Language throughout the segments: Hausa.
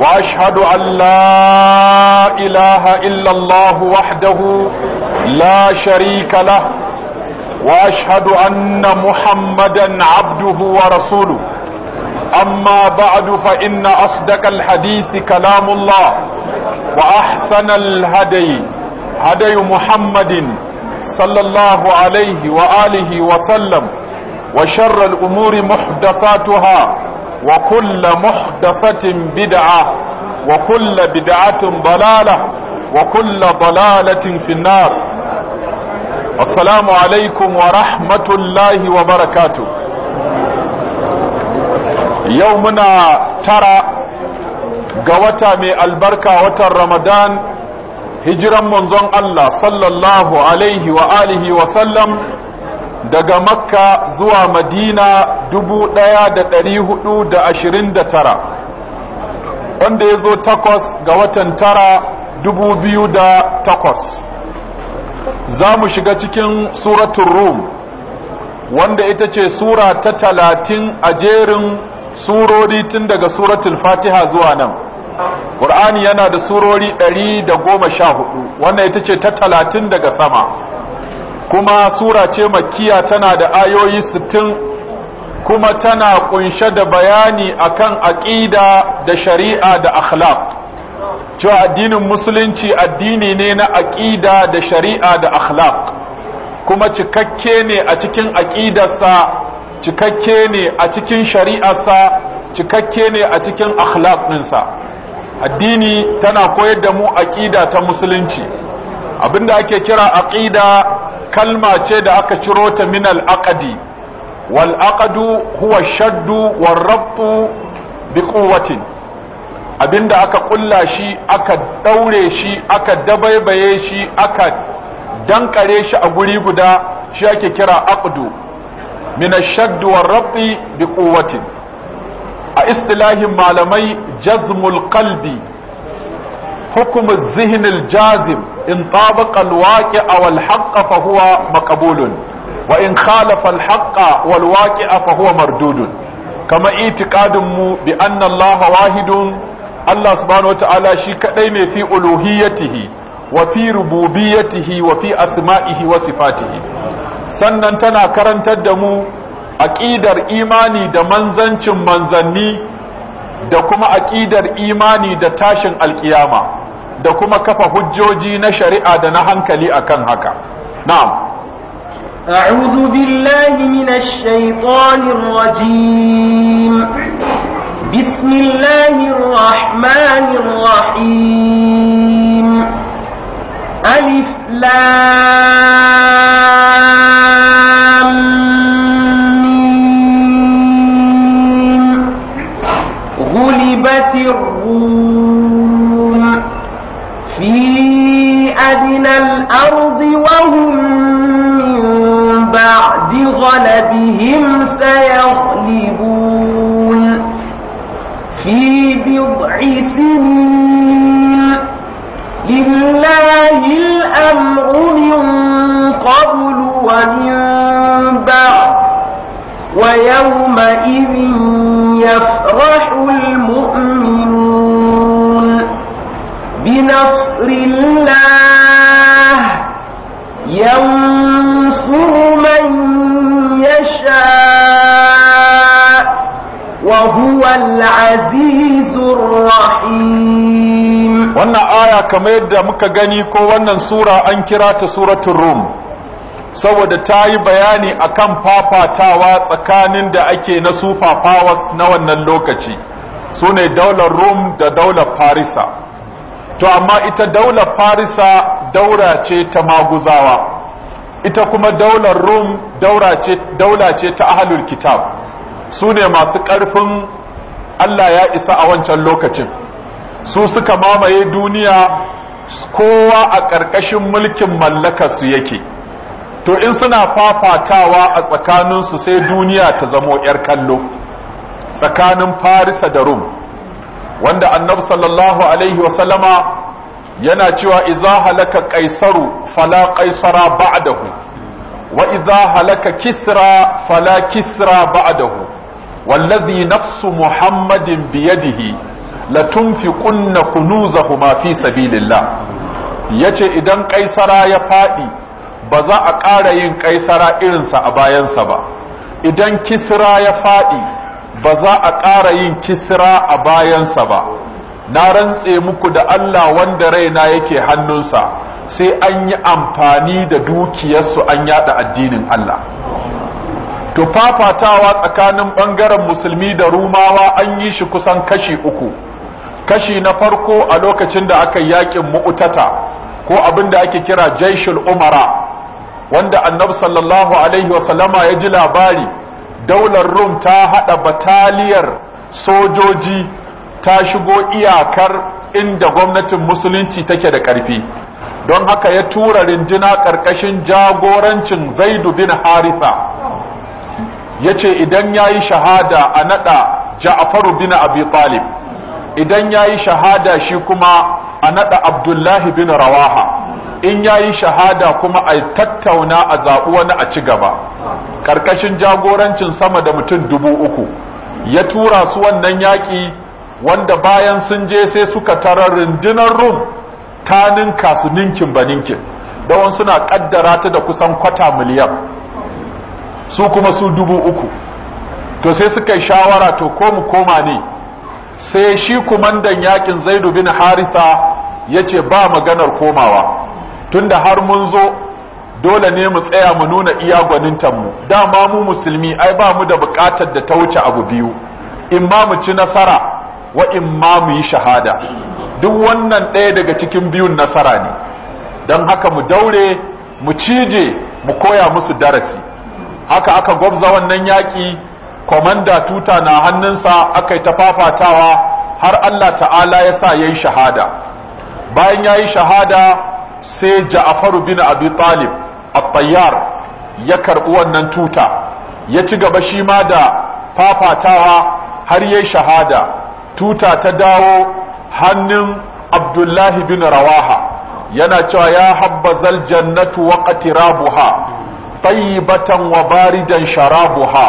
وأشهد أن لا إله إلا الله وحده لا شريك له وأشهد أن محمدا عبده ورسوله أما بعد فإن أصدق الحديث كلام الله وأحسن الهدي هدي محمد صلى الله عليه وآله وسلم وشر الأمور محدثاتها وكل محدثة بدعة وكل بدعة ضلالة وكل ضلالة في النار السلام عليكم ورحمة الله وبركاته يومنا ترى قوتا من البركة وتر رمضان hijiran manzon Allah sallallahu alaihi wa alihi wa sallam daga makka zuwa madina dubu ɗaya da ɗari hudu da ashirin da tara wanda ya zo takwas ga watan tara dubu biyu da takwas za mu shiga cikin suratun rum wanda ita ce sura ta talatin a jerin surori tun daga suratul fatiha zuwa nan ƙur'ani yana da surori ɗari da goma sha hudu wannan ita ce ta talatin daga sama kuma sura ce makiya tana da ayoyi sittin. kuma tana kunshe da bayani akan aqida da shari'a da akhlaq cewa addinin musulunci addini ne na aqida da shari'a da akhlaq kuma cikakke ne a cikin aqidarsa cikakke ne a cikin shari'arsa cikakke ne a cikin akhlaq ɗinsa addini tana koyar da mu aqida ta musulunci abinda ake kira aqida kalma ce da aka ciro ta min al'aƙadi, wal'aƙadu, huwa shaddu war bi quwwatin abinda aka kulla shi aka daure shi aka dabaibaye shi aka dankare shi a guri guda shi ake kira aqdu min ash-shadd war rabti bi quwwatin a istilahin malamai jazmul qalbi hukm az-zihn al-jazim in tabaqa alwaqi'a wal haqqa fa huwa wa in khalafa al haqqa wal waqi'a fa huwa mardudun kama itiqadun mu bi anna Allah wahidun Allah subhanahu wata'ala shi kadai ne fi uluhiyyatihi wa fi rububiyyatihi wa fi asma'ihi wa sifatihi sannan tana karantar da mu aqidar imani da manzancin manzanni da kuma aqidar imani da tashin alƙiyama. da kuma kafa hujjoji na shari'a da na hankali akan haka na'am أعوذ بالله من الشيطان الرجيم بسم الله الرحمن الرحيم ألف لام من الأرض وهم من بعد غلبهم سيغلبون في بضع سنين لله الأمر من قبل ومن بعد ويومئذ يفرح المؤمن وهو العزيز الرحيم wannan aya kamar yadda muka gani ko wannan sura an kira ta suratul rum saboda ta yi bayani akan fafatawa tsakanin da ake na super powers na wannan lokaci su ne daular rum da daular farisa to amma ita daular farisa daura ce ta maguzawa ita kuma daular rum daura ce ta ahlul kitab su ne masu ƙarfin Allah ya isa a wancan lokacin su suka mamaye duniya kowa a ƙarƙashin mulkin mallakarsu yake to in suna fafatawa a tsakaninsu sai duniya ta zamo 'yar kallo tsakanin farisa da rum wanda annabi sallallahu alaihi wasallama yana cewa iza halaka kaisaru fala kaisara ba'dahu wa iza halaka kisra fala kisra ba'dahu wallazi nafsu muhammadin biyadihi latunfiqunna kunuzahuma fi sabilillah yace idan kaisara ya faɗi, ba za a ƙara yin kaisara irinsa a bayansa ba idan kisra ya faɗi, ba za a ƙara yin kisra a bayansa ba na rantse muku da Allah wanda raina yake hannunsa sai an yi amfani da dukiyarsu an yada addinin Allah to fafatawa tsakanin ɓangaren musulmi da rumawa an yi shi kusan kashi uku kashi na farko a lokacin da aka yakin mu'utata ko abin da ake kira jaishul umara wanda annabi sallallahu alaihi wasallama ya ji labari daular rum ta haɗa bataliyar sojoji ta shigo iyakar inda gwamnatin musulunci take da ƙarfi. don haka ya tura rinjina ƙarƙashin jagorancin zaidu bin harifa Ya ce idan yayi shahada a naɗa Ja'far bin Abi Talib idan yayi shahada shi kuma a naɗa Abdullahi bin Rawaha in yayi shahada kuma a tattauna a zaɓi wani a ci gaba Ƙarƙashin jagorancin sama da mutum dubu uku ya tura su wannan yaƙi wanda bayan sun je sai suka tarar rundunar rum ta ninka su ninkin ba ninkin dawon suna kaddara ta da kusan kwata miliyan su kuma su dubu uku to sai suka yi shawara to ko mu koma ne sai shi kumandan yakin zaidu bin harisa ya ce ba maganar komawa tunda har mun zo dole ne mu tsaya mu nuna iya mu. dama mu musulmi ai ba mu da bukatar da ta wuce abu biyu in ma mu ci nasara wa in ma mu yi shahada duk wannan ɗaya daga cikin biyun nasara ne don haka mu daure mu cije mu koya musu darasi haka aka gwabza wannan yaƙi komanda tuta na hannunsa aka yi ta fafatawa har Allah ta'ala ya sa ya yi shahada bayan ya yi shahada sai ja'afaru bin abi talib a tayyar ya karɓi wannan tuta ya ci gaba shi ma da fafatawa har ya yi shahada tuta ta dawo hannun abdullahi bin rawaha yana cewa ya habbazal jannatu wa qatirabuha tayyibatan wa baridan sharabuha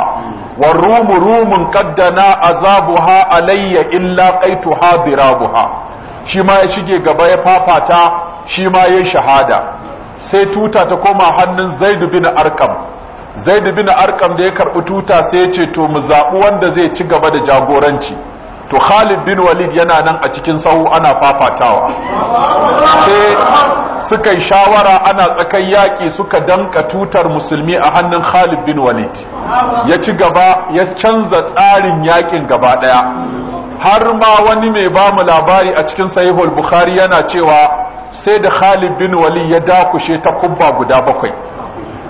wa rumu rumun qaddana azabuha alayya illa qaituha birabuha shi ma ya shige gaba ya fafata shi ma ya shahada sai tuta ta koma hannun zaid bin arkam zaid bin arkam da ya karbi tuta sai ya ce to mu zaɓi wanda zai ci gaba da jagoranci to Khalid bin Walid yana nan a cikin sahu ana fafatawa sai suka yi shawara ana tsakan yaƙi suka danka tutar musulmi a hannun Khalid bin Walid ya ci gaba ya canza tsarin yaƙin gaba ɗaya har ma wani mai ba mu labari a cikin sahihul Bukhari yana cewa sai da Khalid bin Walid ya dakushe ta kubba guda bakwai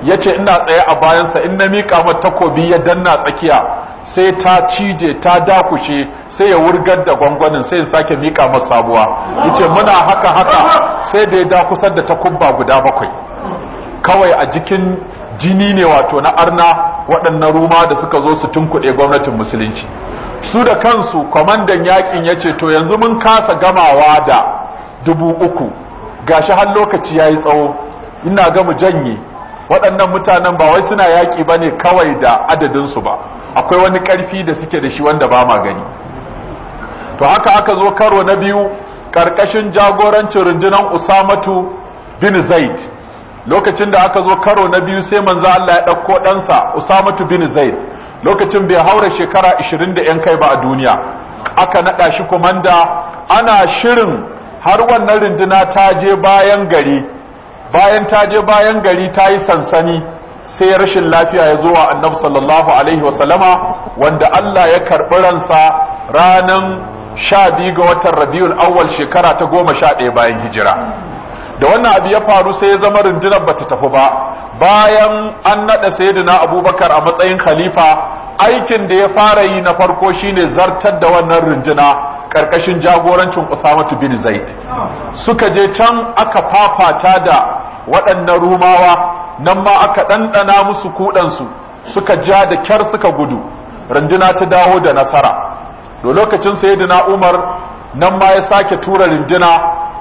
yace ina tsaye a bayansa in na miƙa mata takobi ya danna tsakiya sai ta cije ta dakushe sai ya wurgar da gwangwanin sai ya sake miƙa masa sabuwa yace muna haka haka sai da ya dakusar da takubba guda bakwai kawai a jikin jini ne wato na arna waɗannan ruma da suka zo su tunkuɗe gwamnatin musulunci su da kansu kwamandan yakin ya ce to yanzu mun kasa gamawa da dubu uku gashi har lokaci ya yi tsawo ina ga mu janye waɗannan mutanen ba wai suna yaƙi ba ne kawai da adadinsu ba akwai wani ƙarfi da suke da shi wanda ba ma gani to haka aka zo karo na biyu ƙarƙashin jagorancin rundunar usamatu bin zaid lokacin da aka zo karo na biyu sai manzo Allah ya ɗauko ɗansa usamatu bin zaid lokacin bai haura shekara 20 da 'yan kai ba a duniya aka naɗa shi kumanda ana shirin har wannan runduna ta je bayan gari bayan ta je bayan gari ta yi sansani sai rashin lafiya ya zo wa annabi sallallahu alaihi wasallama wanda Allah ya karɓi ransa ranan sha biyu ga watan rabiul awwal shekara ta goma sha ɗaya bayan hijira da wannan abu ya faru sai ya zama rundunar bata tafi ba bayan an naɗa sayyidina abubakar a matsayin khalifa aikin da ya fara yi na farko shine zartar da wannan runduna ƙarƙashin jagorancin usamatu bin zaid suka je can aka fafata da waɗannan rumawa nan ma aka ɗanɗana musu kuɗansu suka ja da kyar suka gudu rinjina ta dawo da nasara da lokacin sayidina umar nan ma ya sake tura rinjina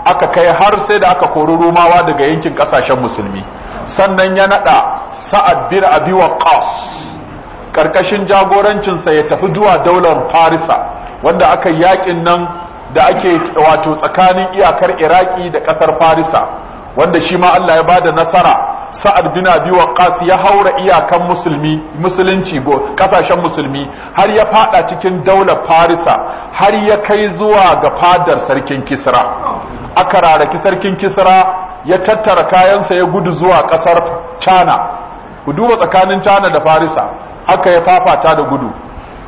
aka kai har sai da aka kori rumawa daga yankin ƙasashen musulmi sannan ya naɗa sa'ad bin abi ƙarƙashin karkashin jagorancinsa ya tafi zuwa daular farisa wanda aka yakin nan da ake wato tsakanin iyakar iraki da ƙasar farisa wanda shi ma Allah ya bada nasara sa'ad bin abi waqqas ya haura iyakan musulmi musulunci go kasashen musulmi har ya fada cikin daular farisa har ya kai zuwa ga fadar sarkin kisra aka raraki sarkin kisra ya tattara kayansa ya gudu zuwa kasar Chana. ku duba tsakanin cana da farisa aka ya fafata da gudu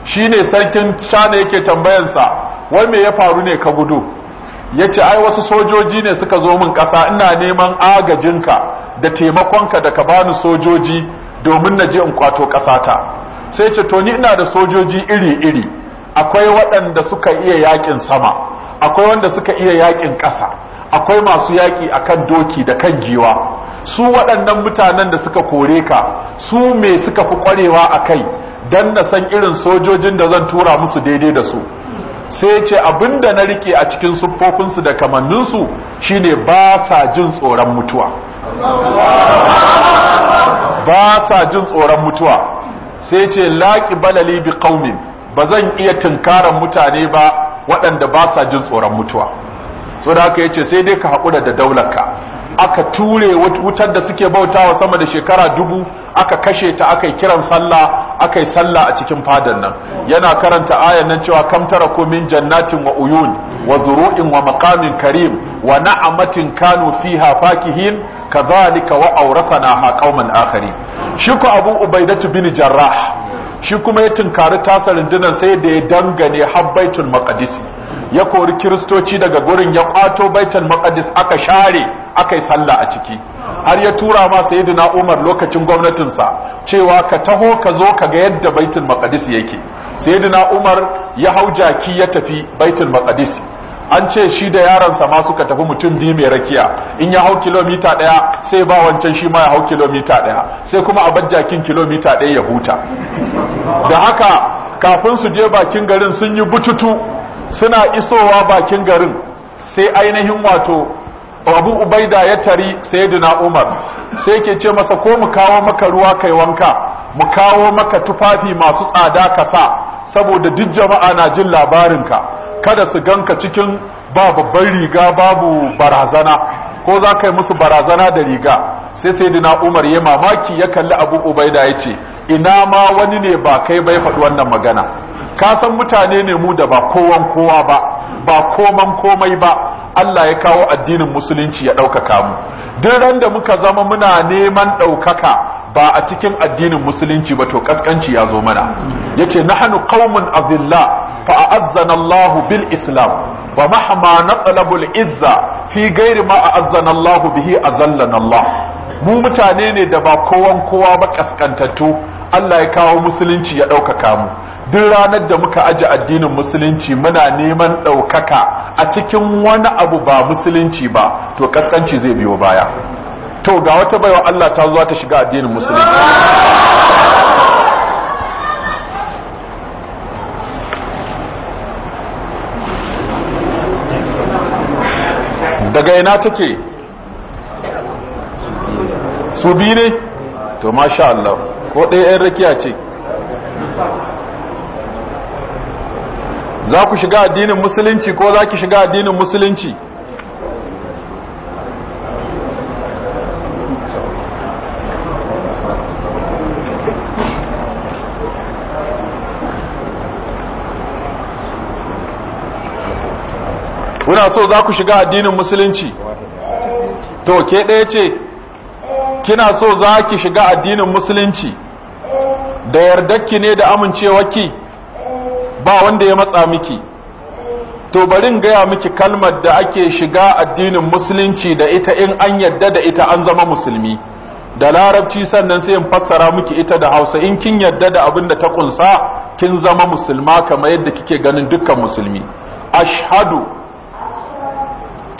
shine sarkin cana yake tambayansa wai me ya faru ne ka gudu ya ce ai wasu sojoji ne suka zo min ƙasa ina neman agajinka da taimakonka da ka bani sojoji domin na je in kwato ƙasata sai ce to ni ina da sojoji iri-iri akwai waɗanda suka iya yaƙin sama akwai wanda suka iya yaƙin ƙasa akwai masu yaƙi akan doki da kan giwa su waɗannan mutanen da suka kore ka su me suka fi ƙwarewa a kai don na san irin sojojin da zan tura musu daidai da su sai ce abinda na rike a cikin siffofinsu da kamanninsu shine ba sa jin tsoron mutuwa ba sa jin tsoron mutuwa sai ce laƙi balali bi ƙaunin ba zan iya tunkarar mutane ba waɗanda ba sa jin tsoron mutuwa so da haka ya ce sai dai ka haƙura da daularka aka ture wutar da suke bautawa sama da shekara dubu aka kashe ta aka kiran sallah aka yi sallah a cikin fadan nan yana karanta ayan nan cewa kam tara ko min jannatin wa uyun wa zuru'in wa maqamin karim wa na'amatin kanu fiha fakihin kadhalika wa awrathana ha qauman akhari shi ko abu ubaidatu bin jarrah shi kuma ya tunkari tasa rundunar sai da ya dangane habbaitul maqdisi ya kori kiristoci daga gurin ya kwato baitul maqdis aka share aka yi sallah a ciki har ya tura ma sayyidina Umar lokacin gwamnatinsa cewa ka taho ka zo ka ga yadda baitul maqdis yake sayyidina Umar ya hau jaki ya tafi baitul maqdis an ce shi da yaransa ma suka tafi mutum biyu mai rakiya in ya hau kilomita ɗaya sai ba wancan shi ma ya hau kilomita ɗaya sai kuma a bar jakin kilomita ɗaya ya huta da haka kafin su je bakin garin sun yi bututu suna isowa bakin garin sai ainihin wato abu ubaida ya tari sayyidina umar sai ke ce masa ko mu kawo maka ruwa kai wanka mu kawo maka tufafi masu tsada ka sa saboda duk jama'a na jin ka kada su ganka cikin ba babban riga babu barazana ko za ka yi musu barazana da riga sai sayyidina umar ya mamaki ya kalli abu ubaida ya ce ina ma wani ne ba kai bai faɗi wannan magana ka san mutane ne mu da ba kowan kowa ba ba koman komai ba Allah ya kawo addinin musulunci ya ɗaukaka mu duk ran da muka zama muna neman ɗaukaka ba a cikin addinin musulunci ba to ƙasƙanci ya zo mana yace nahnu qaumun azilla fa a'azzana Allahu bil islam wa mahma natlabu al izza fi ghairi ma a'azzana Allahu bihi azallana Allah mu mutane ne da ba kowan kowa ba kaskantattu Allah ya kawo musulunci ya ɗaukaka mu duk ranar da muka aji addinin musulunci muna neman ɗaukaka a cikin wani abu ba musulunci ba to kaskanci zai biyo baya to ga wata baiwa Allah ta zuwa ta shiga addinin musulunci daga ina take su biyu ne to masha Allah ko ɗaya 'yan rakiya ce za ku shiga addinin musulunci ko za ki shiga addinin musulunci kuna so za ku shiga addinin musulunci to ke ɗaya ce kina so za ki shiga addinin musulunci da yardakki ne da amincewa ki? ba wanda ya matsa miki to barin gaya miki kalmar da ake shiga addinin musulunci da ita in an yadda da ita an zama musulmi da larabci sannan sai in fassara miki ita da hausa in kin yadda da abin da ta kunsa kin zama musulma kamar yadda kike ganin dukkan musulmi ashhadu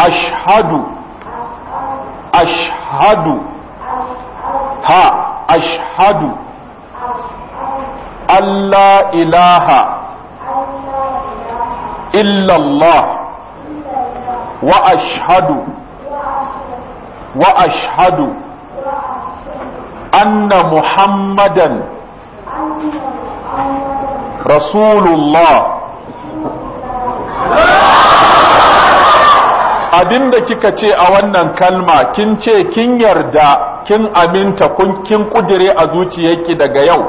ashhadu ashhadu ha ashhadu Allah ilaha إلا الله وأشهد وأشهد أن محمدا رسول الله abin da kika ce a wannan kalma kin ce kin yarda kin aminta kin kudire a zuciyarki daga yau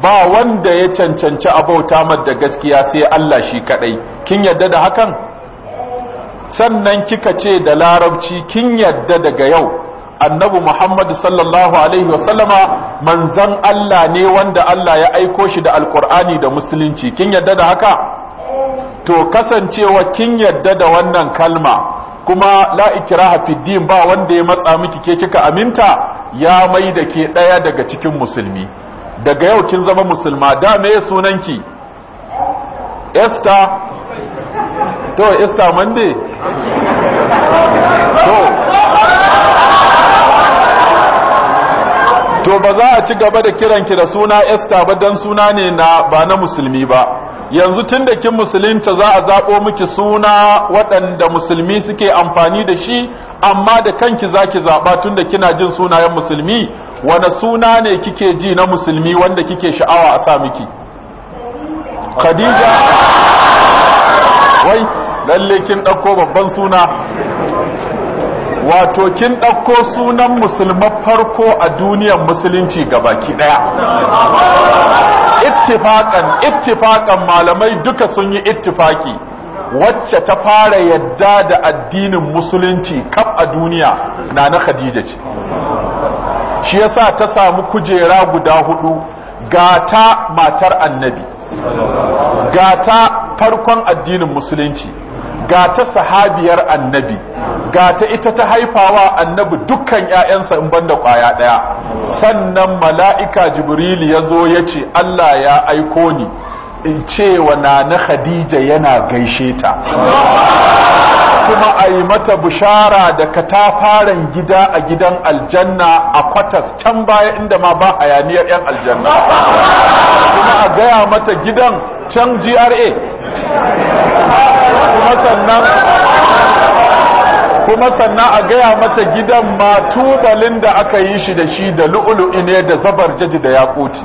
ba wanda ya cancanci abauta da gaskiya sai Allah shi kadai kin yadda da hakan sannan kika ce da larabci kin yadda daga yau annabi Muhammad sallallahu alaihi wasallama manzon Allah ne wanda Allah ya aiko shi da alkur'ani da musulunci kin yadda da haka to kasancewa kin yadda da wannan kalma kuma la ikraha ba wanda ya matsa miki ke kika aminta ya mai da ke daya daga cikin musulmi daga yau kin zama musulma da me sunanki esther to esther mande to to ba za a ci gaba da kiranki da suna esther ba dan suna ne na ba na musulmi ba yanzu tun da kin musulunta za a zaɓo miki suna waɗanda musulmi suke amfani da shi amma da kanki za ki zaɓa tun da kina jin sunayen musulmi wani suna ne kike ji na musulmi wanda kike sha'awa a sa miki khadija wai lalle kin ɗauko babban suna wato kin ɗauko sunan musulman farko a duniyar musulunci baki ɗaya ittifaƙan ittifaƙan malamai duka sun yi ittifaki wacce ta fara yadda da addinin musulunci kaf a duniya na na khadija ce shi yasa ta samu kujera guda hudu gata matar annabi gata farkon addinin musulunci gata sahabiyar annabi gata ita ta haifawa annabi dukkan ‘ya'yansa in banda kwaya ɗaya sannan mala'ika jibril ya zo ya ce Allah ya aiko ni in ce wa nana khadija yana gaishe ta kuma a yi mata bishara da katafaren gida a gidan aljanna a kwatas can baya inda ma ba hayaniyar 'yan aljanna kuma a gaya mata gidan can gra kuma sannan kuma sannan a gaya mata gidan ma tubalin da aka yi shi da shi da lu'ulu'i ne da zabar jaji da yakuti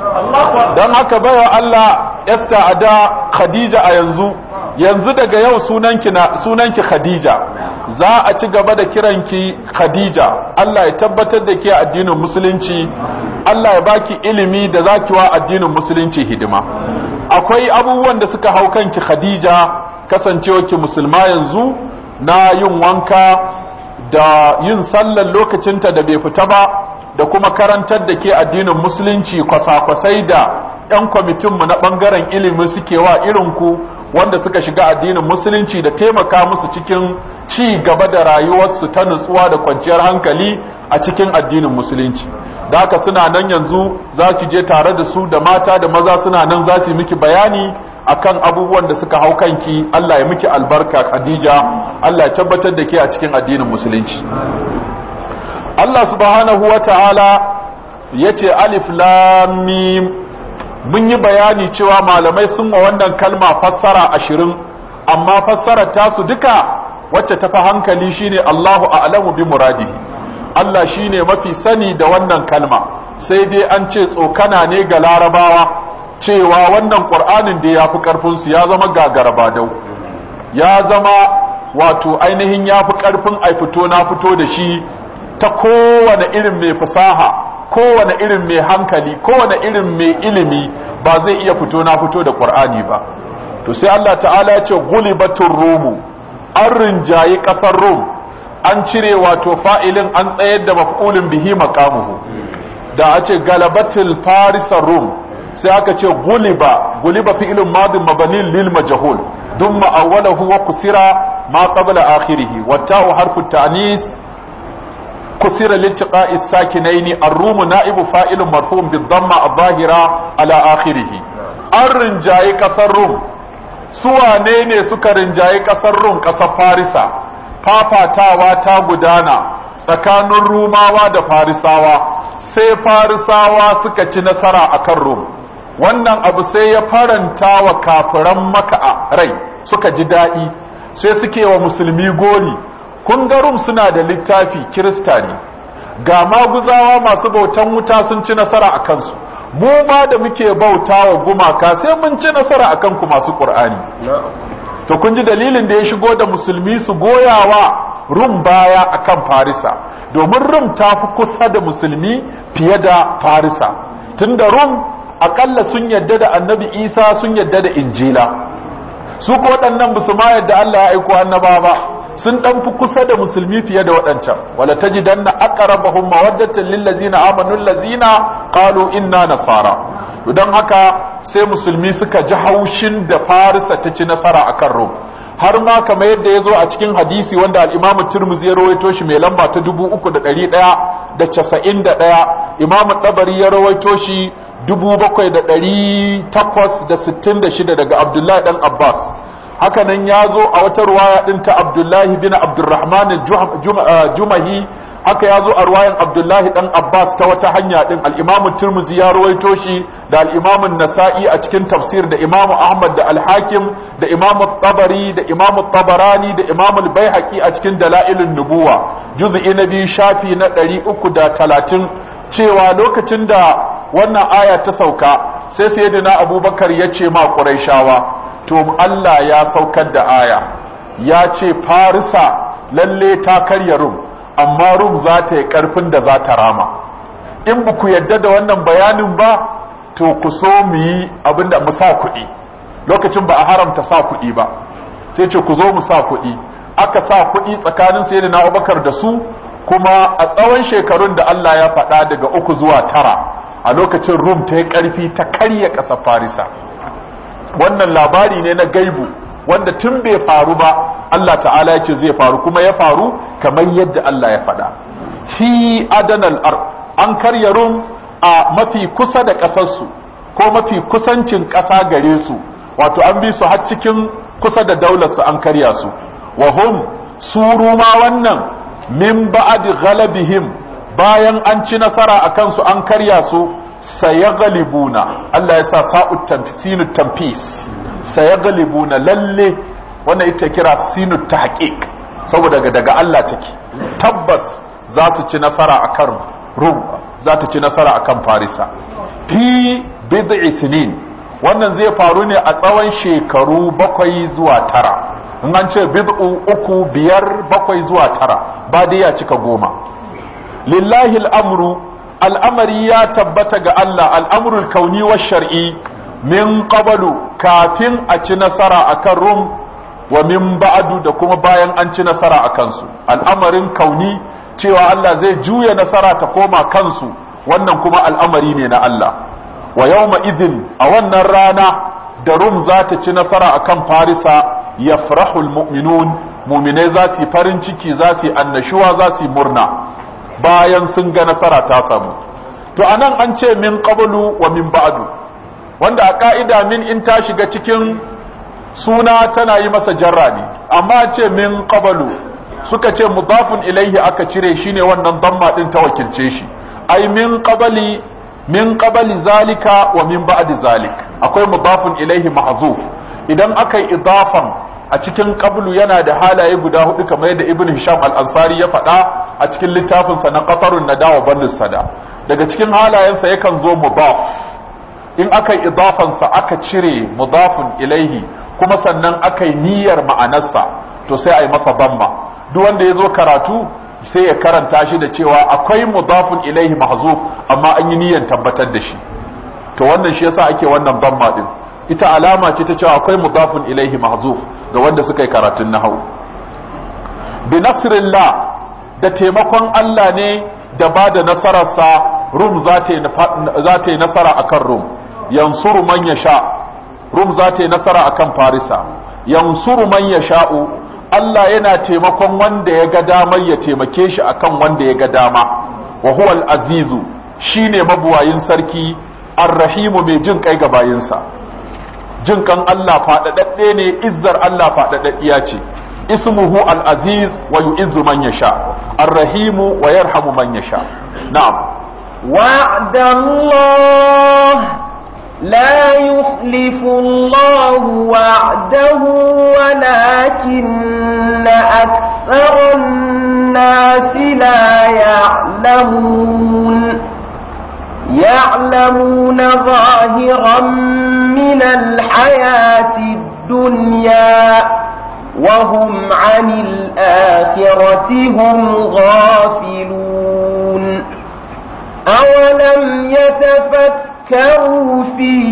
don haka baiwa Allah yasta a da Khadija a yanzu yanzu daga yau sunanki Khadija za a ci gaba da kiranki Khadija Allah ya tabbatar da ke addinin musulunci Allah ya baki ilimi da zaki wa addinin musulunci hidima akwai abubuwan da suka hau kanki Khadija kasancewa ki musulma yanzu na yin wanka da yin sallar lokacinta da bai fita ba da kuma karantar da ke addinin musulunci kwasa-kwasai da 'yan kwamitinmu na ɓangaren ilimi suke wa irinku wanda suka shiga addinin musulunci da taimaka musu cikin ci gaba da rayuwarsu ta nutsuwa da kwanciyar hankali a cikin addinin musulunci da aka suna nan yanzu za ki je tare da su da mata da maza suna nan za su yi miki bayani akan abubuwan da suka hau kanki Allah ya miki albarka Khadija Allah ya tabbatar da ke a cikin addinin musulunci Allah subhanahu wa wata'ala yace alif lam mim mun yi bayani cewa malamai sun wa wannan kalma fassara ashirin amma fassarar tasu duka wacce ta fi hankali shine Allahu a'lamu bi muradi. Allah shine mafi sani da wannan kalma sai dai an ce tsokana ne ga larabawa cewa wannan ƙur'anin da ya fi ƙarfinsu ya zama gagarabadau ya zama wato ainihin ya fi ƙarfin a fito na fito da shi ta kowane irin mai fasaha kowane irin mai hankali kowane irin mai ilimi ba zai iya fito na fito da ƙur'ani ba to sai Allah ta'ala ya ce guli batun romu an rinjayi ƙasar rom an cire wato fa'ilin an tsayar da maf'ulin bihi maqamuhu da a ce galabatil farisa rom sai aka ce guliba guliba fi ilin madin mabani lil majahul dun maawala huwa kusira ma qabla akhirih wa ta'u harfu ta'nis kusira na yi ni. An rumu na'ibu fa'ilun marfu'un bid damma adh-dhahira ala akhirih An rinjayi kasar rum wane ne suka rinjayi kasar rum kasar farisa fafatawa ta gudana tsakanin rumawa da farisawa sai farisawa suka ci nasara a kan rum wannan abu sai ya faranta wa kafiran maka a rai suka ji daɗi sai suke wa musulmi gori kun rum suna da littafi kirista ne ga maguzawa masu bautan wuta sun ci nasara a kansu mu ma da muke bauta wa gumaka sai mun ci nasara a kanku masu ƙur'ani to kun ji dalilin da ya shigo da musulmi su goyawa rum baya akan farisa domin rum ta fi kusa da musulmi fiye da farisa tun da rum akalla sun yadda da annabi isa sun yadda da injila su ko waɗannan ba su ma yadda allah ya aiko annaba ba sun dan fi kusa da musulmi fiye da waɗancan wala ta ji tajidanna aqrabahum mawaddatan lil lazina amanu allazina qalu inna nasara Don haka sai musulmi suka ji haushin da farisa ta ci nasara a kan rom har ma kamar yadda ya zo a cikin hadisi wanda al'imamu turmuzi ya rawaito shi mai lamba ta dubu uku da da da casa'in ɗari ɗaya ɗaya imamu ɗabari ya rawaito shi shida daga abdullahi ɗan abbas hakanan ya zo a wata ruwaya ɗin ta abdullahi bin Abdulrahman ah, jumahi haka ya zo a ruwayan abdullahi ɗan abbas ta wata hanya ɗin al'imamun turmuzi ya ruwaito shi da al'imamun nasa'i a cikin tafsir da imamu ahmad da alhakim da imamu tabari da imamu tabarani da imamu baihaqi a cikin dala'ilin nubuwa juz'i na biyu shafi na ɗari uku da talatin cewa lokacin da wannan aya ta sauka sai sai na abubakar ya ce ma ƙuraishawa to Allah ya saukar da aya ya ce farisa lalle ta karya rum amma rum za ta yi karfin da za ta rama in ba ku yadda da wannan bayanin ba to ku so mu yi abin da mu sa kuɗi lokacin ba a haramta sa kuɗi ba sai ce ku zo mu sa kuɗi aka sa kuɗi tsakanin na abubakar da su kuma a tsawon shekarun da Allah ya faɗa daga uku zuwa tara a lokacin rum ta yi ƙarfi ta karya ƙasa farisa wannan labari ne na gaibu wanda tun bai faru ba Allah ta'ala ya ce zai faru kuma ya faru kamar yadda Allah ya faɗa fi adanal ar an karya rum a mafi kusa da ƙasarsu ko mafi kusancin ƙasa gare su wato an bi su har cikin kusa da daularsu an karya su wa hum su ruma wannan min ba'ad ghalabihim bayan an ci nasara a kansu an karya su sayagalibuna Allah ya sa sa'ut tamfisinu tamfis sayagalibuna lalle wannan ita kira sinu tahqiq saboda daga Allah take tabbas za su ci nasara a kan rum za ta ci nasara a kan farisa fi bid'i sinin wannan zai faru ne a tsawon shekaru bakwai zuwa tara in an ce bid'u uku biyar bakwai zuwa tara ba dai ya cika goma lillahi al'amru al'amari ya tabbata ga Allah al'amrul kauni wa shar'i min qablu kafin a ci nasara akan rum wa min Ba'adu da kuma bayan an ci nasara a kansu al'amarin kauni cewa Allah zai juya nasara ta koma kansu wannan kuma al'amari ne na Allah wa yawma izin a wannan rana da rum za ta ci nasara akan farisa yafrahul mu'minun mu'minai za su yi farin ciki za su yi annashuwa za su yi murna bayan sun ga nasara ta samu to anan an ce min qablu wa min ba'du wanda a ka'ida min in ta shiga cikin suna tana yi masa jarra ne amma ce min qablu suka ce mudafun ilaihi aka cire shine wannan damma din ta wakilce shi ai min qabli min qabli zalika wa min ba'di zalik akwai mudafun ilaihi mahzuf idan aka yi idafan a cikin qablu yana da halaye guda hudu kamar yadda ibnu hisham al-ansari ya faɗa a cikin littafinsa na qatarun nadawa bannus sada daga cikin halayensa yakan zo mudaf in aka yi idafansa aka cire mudafun ilaihi kuma sannan aka yi niyyar ma'anarsa to sai a yi masa bamma. duk wanda ya zo karatu sai ya karanta shi da cewa akwai mudafun ilaihi mahzuf amma an yi niyyar tabbatar da shi to wannan shi yasa ake wannan bamma din ita alama ce ta cewa akwai mudafun ilaihi mahzuf ga wanda suka yi karatun nahau bi nasrillah da taimakon Allah ne da ba da nasararsa rum za ta yi nasara akan rum yansuru man yasha rum za yi nasara akan farisa yansuru man Allah yana taimakon wanda ya ga dama ya taimake shi akan wanda ya ga dama wa huwa al-azizu shine mabuwayin sarki ar-rahimu mai jin kai ga bayinsa jin kan Allah faɗaɗaɗɗe ne izzar Allah faɗaɗaɗɗiya ce ismuhu al-aziz wa yu'izzu man yasha ar-rahimu wa yarhamu man yasha na'am وعد الله لا يخلف الله وعده ولكن أكثر الناس لا يعلمون ظاهرا من الحياة الدنيا وهم عن الآخرة هم غافلون أولم يتفكروا في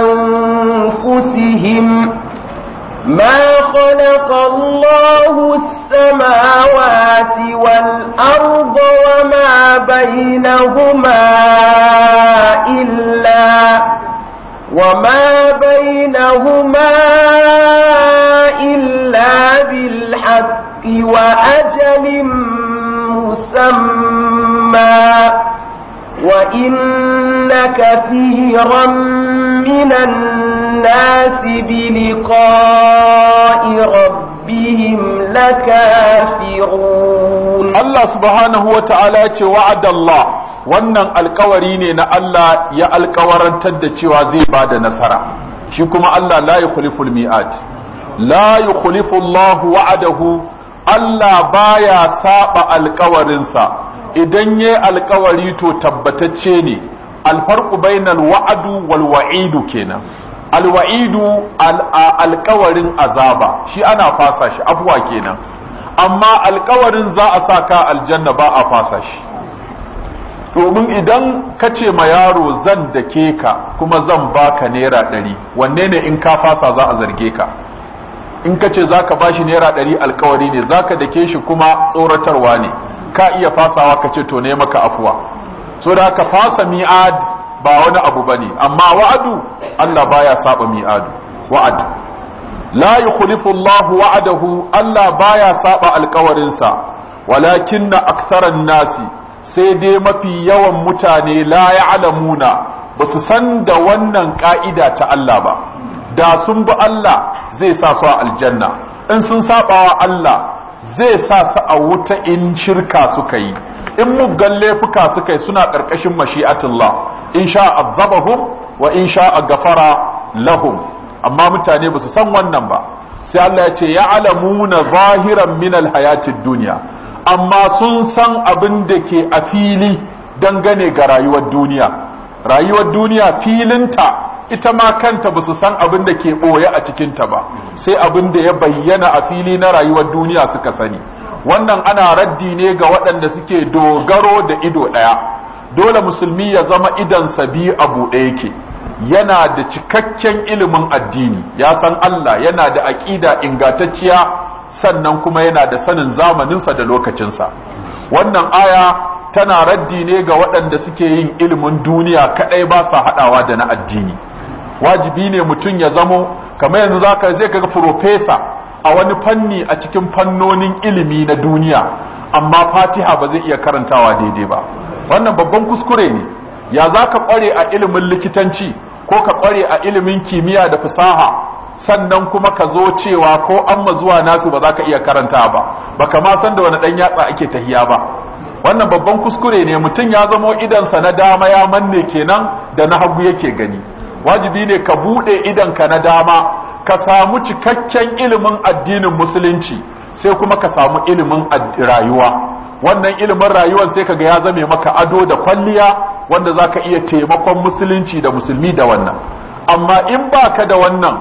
أنفسهم ما خلق الله السماوات والأرض وما بينهما إلا وما بينهما إلا بالحق وأجل مسمى وإن كثيرا من الناس بلقاء ربهم لكافرون الله سبحانه وتعالى وعد الله wannan alkawari ne na Allah ya alkawarantar da cewa zai ba da nasara shi kuma Allah la yukhliful mi'ad la yukhlifullahu wa'adahu Allah baya saba alkawarinsa idan ya alkawari to tabbatacce ne alfarku bainal wa'adu wal kenan alwa'idu a alkawarin azaba shi ana fasa shi abuwa kenan amma alkawarin za a sa ka aljanna ba a fasa shi domin idan ka ce ma yaro zan da ke ka kuma zan baka naira ɗari wanne ne in ka fasa za a zarge ka in ka ce za ka ba shi naira ɗari alkawari ne za ka dake shi kuma tsoratarwa ne ka iya fasawa ka ce to ne maka afuwa so da ka fasa mi'ad ba wani abu bane amma wa'adu Allah baya saba mi'adu wa'ad la yukhlifu Allah wa'adahu Allah baya saba alkawarinsa walakinna aktharan nasi sai dai mafi yawan mutane la ya'lamuna basu san da wannan ka'ida ta Allah ba da sun bi Allah zai sa su a aljanna in sun saba wa Allah zai sa su a wuta in shirka suka yi in muggan laifuka suka yi suna ƙarƙashin mashi'atullah in sha azabahum wa in sha a gafara lahum amma mutane ba su san wannan ba sai Allah ya ce ya na zahiran minal hayatin duniya amma sun san abin da ke a fili dangane ga rayuwar duniya rayuwar duniya filinta ita ma kanta ba su san abin da ke ɓoye a cikinta ba sai abin da ya bayyana a fili na rayuwar duniya suka sani wannan ana raddi ne ga waɗanda suke dogaro da ido ɗaya dole musulmi ya zama idansa biyu a buɗe yake yana da cikakken ilimin addini ya san Allah yana da aƙida ingantacciya sannan kuma yana da sanin zamaninsa da lokacinsa wannan aya tana raddi ne ga waɗanda suke yin ilimin duniya kaɗai ba sa haɗawa da na addini wajibi ne mutum ya zamo kamar yanzu za zaka zai kaga profesa a wani fanni a cikin fannonin ilimi na duniya amma fatiha ba zai iya karantawa daidai ba wannan babban kuskure ne ya za ka kware a ilimin likitanci ko ka kware a ilimin kimiyya da fasaha sannan kuma ka zo cewa ko amma zuwa nasu ba za ka iya karanta ba ba kama san da wani ɗan yatsa ake tahiya ba wannan babban kuskure ne mutum ya zamo idansa na dama ya manne kenan da na hagu yake gani wajibi ne ka buɗe idanka na dama ka samu cikakken ilimin addinin musulunci sai kuma ka samu ilimin rayuwa wannan ilimin rayuwan sai ka ga ya zame maka ado da kwalliya wanda za ka iya taimakon musulunci da musulmi da wannan amma in ba ka da wannan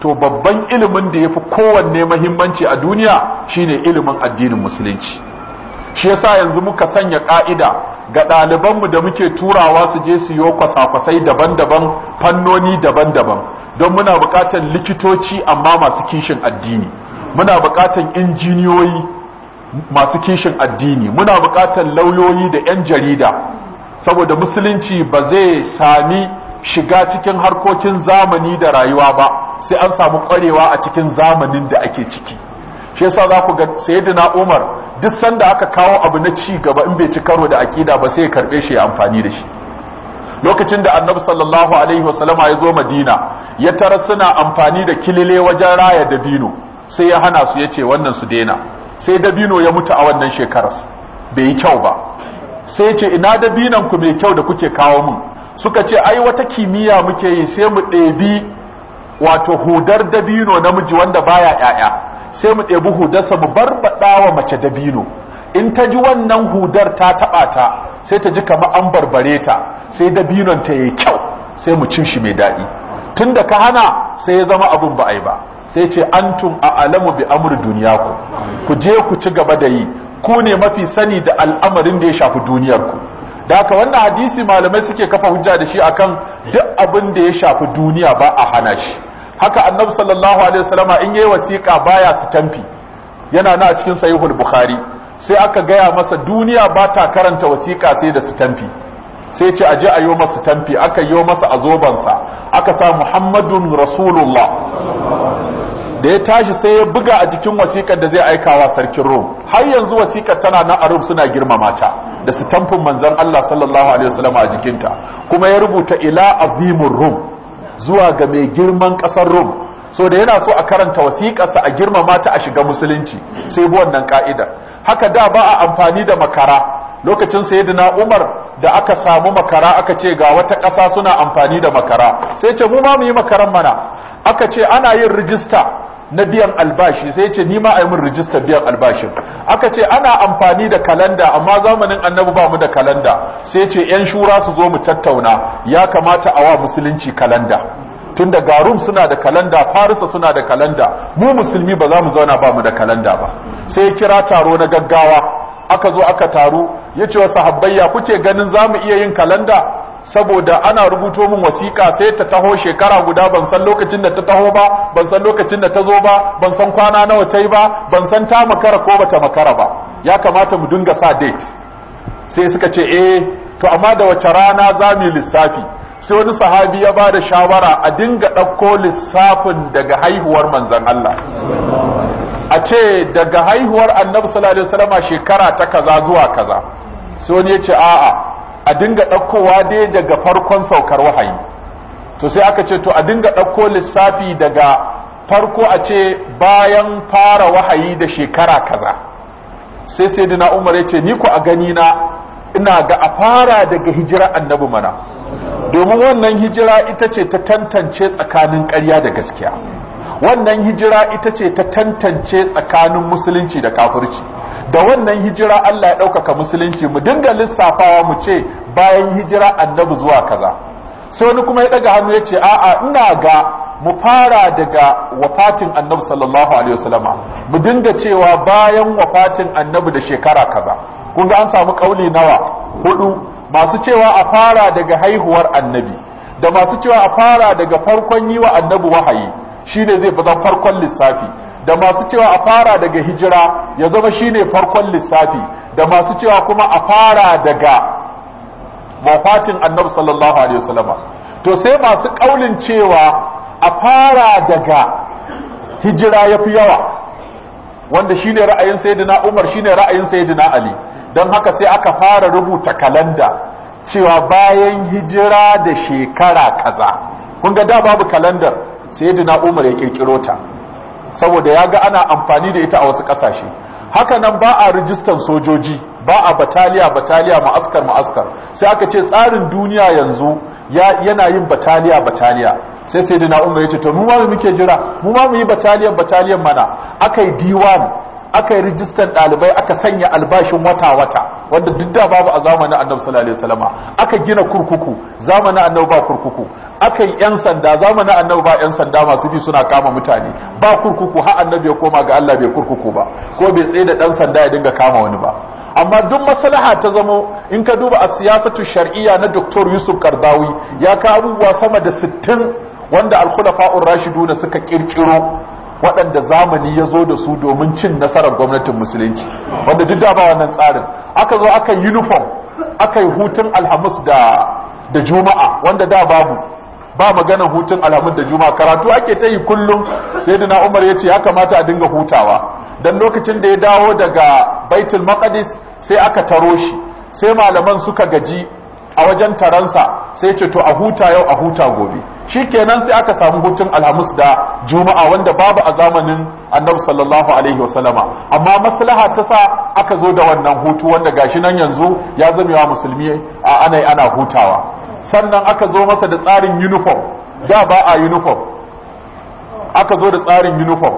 to babban ilimin da ya fi kowanne mahimmanci a duniya shine ilimin addinin musulunci shi yasa yanzu muka sanya ka'ida ga ɗalibanmu da muke turawa su je su yi kwasa-kwasai daban-daban fannoni daban-daban don muna buƙatar likitoci amma masu kishin addini muna buƙatar injiniyoyi masu kishin addini muna buƙatar lauyoyi da 'yan jarida saboda musulunci ba zai sami shiga cikin harkokin zamani da rayuwa ba sai an samu ƙwarewa a cikin zamanin da ake ciki shi yasa za ku ga sayyidina Umar duk sanda aka kawo abu na ci gaba in bai ci karo da akida ba sai ya karbe shi ya amfani da shi lokacin da annabi sallallahu alaihi wasallama ya zo madina ya tara suna amfani da kilile wajen raya dabino sai ya hana su ya ce wannan su daina sai dabino ya mutu a wannan shekarar bai yi kyau ba sai ce ina dabinan ku mai kyau da kuke kawo mun suka ce ai wata kimiyya muke yi sai mu ɗebi wato hudar dabino namiji wanda baya ƴaƴa sai mu ɗebi hudarsa mu baɗa wa mace dabino in ta ji wannan hudar ta taɓa ta sai ta ji kama an barbare ta sai dabinon ta yi kyau sai mu cin shi mai daɗi tun da ka hana sai ya zama abin ba a yi ba sai ce tun a alamu bi amur duniya ku ku je ku ci gaba da yi ku ne mafi sani da al'amarin da ya shafi duniyar ku da haka wannan hadisi malamai suke kafa hujja da shi akan duk abin da ya shafi duniya ba a hana shi haka annabi sallallahu alaihi wasallama in yayi wasiƙa baya su tamfi yana na cikin sahihul bukhari sai aka gaya masa duniya ba ta karanta wasiƙa sai da su tamfi sai ce aje a masa tamfi aka yi masa a sa aka sa muhammadun rasulullah da ya tashi sai ya buga a jikin wasiƙar da zai aikawa sarkin rom har yanzu wasiƙar tana nan a rom suna girmama ta da su tamfin manzon allah sallallahu alaihi wasallama a jikinta kuma ya rubuta ila azimur rom zuwa ga mai girman ƙasar rum so da yana so a karanta wasiƙarsa a girmama ta a shiga musulunci sai bi wannan ka'ida haka da ba a amfani da makara lokacin sayyidina umar da aka samu makara aka ce ga wata ƙasa suna amfani da makara sai ce mu ma mu yi makaran mana aka ce ana yin rijista na biyan albashi sai ce ni ma a yi min rijistar biyan albashin aka ce ana amfani da kalanda amma zamanin annabi ba mu da kalanda sai ce yan shura su zo mu tattauna ya kamata a wa musulunci kalanda tun da garum suna da kalanda farisa suna da kalanda mu musulmi ba za mu zauna ba mu da kalanda ba sai kira taro na gaggawa aka zo aka taru ya ce wa kuke ganin za mu iya yin kalanda saboda ana rubuto min wasiƙa sai ta taho shekara guda ban san lokacin da ta taho ba ban san lokacin da ta zo ba ban san kwana nawa ta yi ba ban san ta makara ko bata makara ba ya kamata mu dinga sa date sai suka ce eh to amma da wace rana za mu lissafi sai wani sahabi ya bada shawara a dinga ɗauko lissafin daga haihuwar manzon Allah a ce daga haihuwar annabi sallallahu alaihi wasallama shekara ta kaza zuwa kaza sai wani ya ce a'a a dinga ɗaukowa dai daga farkon saukar wahayi to sai aka ce to a dinga ɗauko lissafi daga farko a ce bayan fara wahayi da shekara kaza sai sai dina umar ya ce ni ku a gani na ina ga a fara daga hijira annabi mana domin wannan hijira ita ce ta tantance tsakanin ƙarya da gaskiya wannan hijira ita ce ta tantance tsakanin musulunci da kafirci da wannan hijira Allah ya ɗaukaka musulunci mu dinga lissafawa mu ce bayan hijira annabi zuwa kaza sai wani kuma ya ɗaga hannu ya ce a'a ina ga mu fara daga wafatin annabi sallallahu alaihi wasallama mu dinga cewa bayan wafatin annabi da shekara kaza kun ga an samu kauli nawa hudu masu cewa a fara daga haihuwar annabi da masu cewa a fara daga farkon yi wa annabi wahayi shine zai fi farkon lissafi da masu cewa a fara daga hijira ya zama shine farkon lissafi da masu cewa kuma a fara daga wafatin annabi sallallahu alaihi wasallama to sai masu kaulin cewa a fara daga hijira yafi yawa wanda shine ra'ayin sayyidina Umar shine ra'ayin sayyidina Ali dan haka sai aka fara rubuta kalanda cewa bayan hijira da shekara kaza kun ga da babu kalandar sayyidina Umar ya kirkiro ta saboda ya ga ana amfani da ita a wasu ƙasashe hakanan ba a rijistan sojoji ba a bataliya bataliya ma'askar ma'askar sai aka ce tsarin duniya yanzu yana yin bataliya bataliya sai sai dina umar ya ce to mu ma mu muke jira mu ma mu yi bataliyan bataliyan mana aka yi diwan aka yi rijistar ɗalibai aka sanya albashin wata-wata wanda duk da babu a zamanin annabi sallallahu alaihi wasallam aka gina kurkuku zamanin annabi ba kurkuku aka yi yan sanda zamanin annabi ba yan sanda masu bi suna kama mutane ba kurkuku har annabi ya koma ga Allah bai kurkuku ba ko bai tsaye da dan sanda ya dinga kama wani ba amma duk maslaha ta zamo in ka duba a siyasatu shar'iyya na Dr. Yusuf Kardawi ya ka abubuwa sama da 60 wanda al-khulafa'ur rashiduna suka kirkiro waɗanda zamani ya zo da su domin cin nasarar gwamnatin musulunci wanda duk da ba wannan tsarin aka zo aka yi uniform aka yi hutun alhamis da juma'a wanda da babu ba magana hutun alhamis da juma'a karatu ake ta yi kullum sai da umar ya ce ya kamata a dinga hutawa dan lokacin da ya dawo daga baitul maqdis sai aka taro shi sai malaman suka gaji a wajen taransa sai ce to a huta yau a huta gobe Shi kenan sai aka samu hutun alhamis da juma'a wanda babu a zamanin annabi sallallahu alaihi sallama amma maslaha ta sa aka zo da wannan hutu wanda gashi nan yanzu ya wa musulmi a anai ana hutawa sannan aka zo masa da tsarin uniform da ba a uniform aka zo da tsarin uniform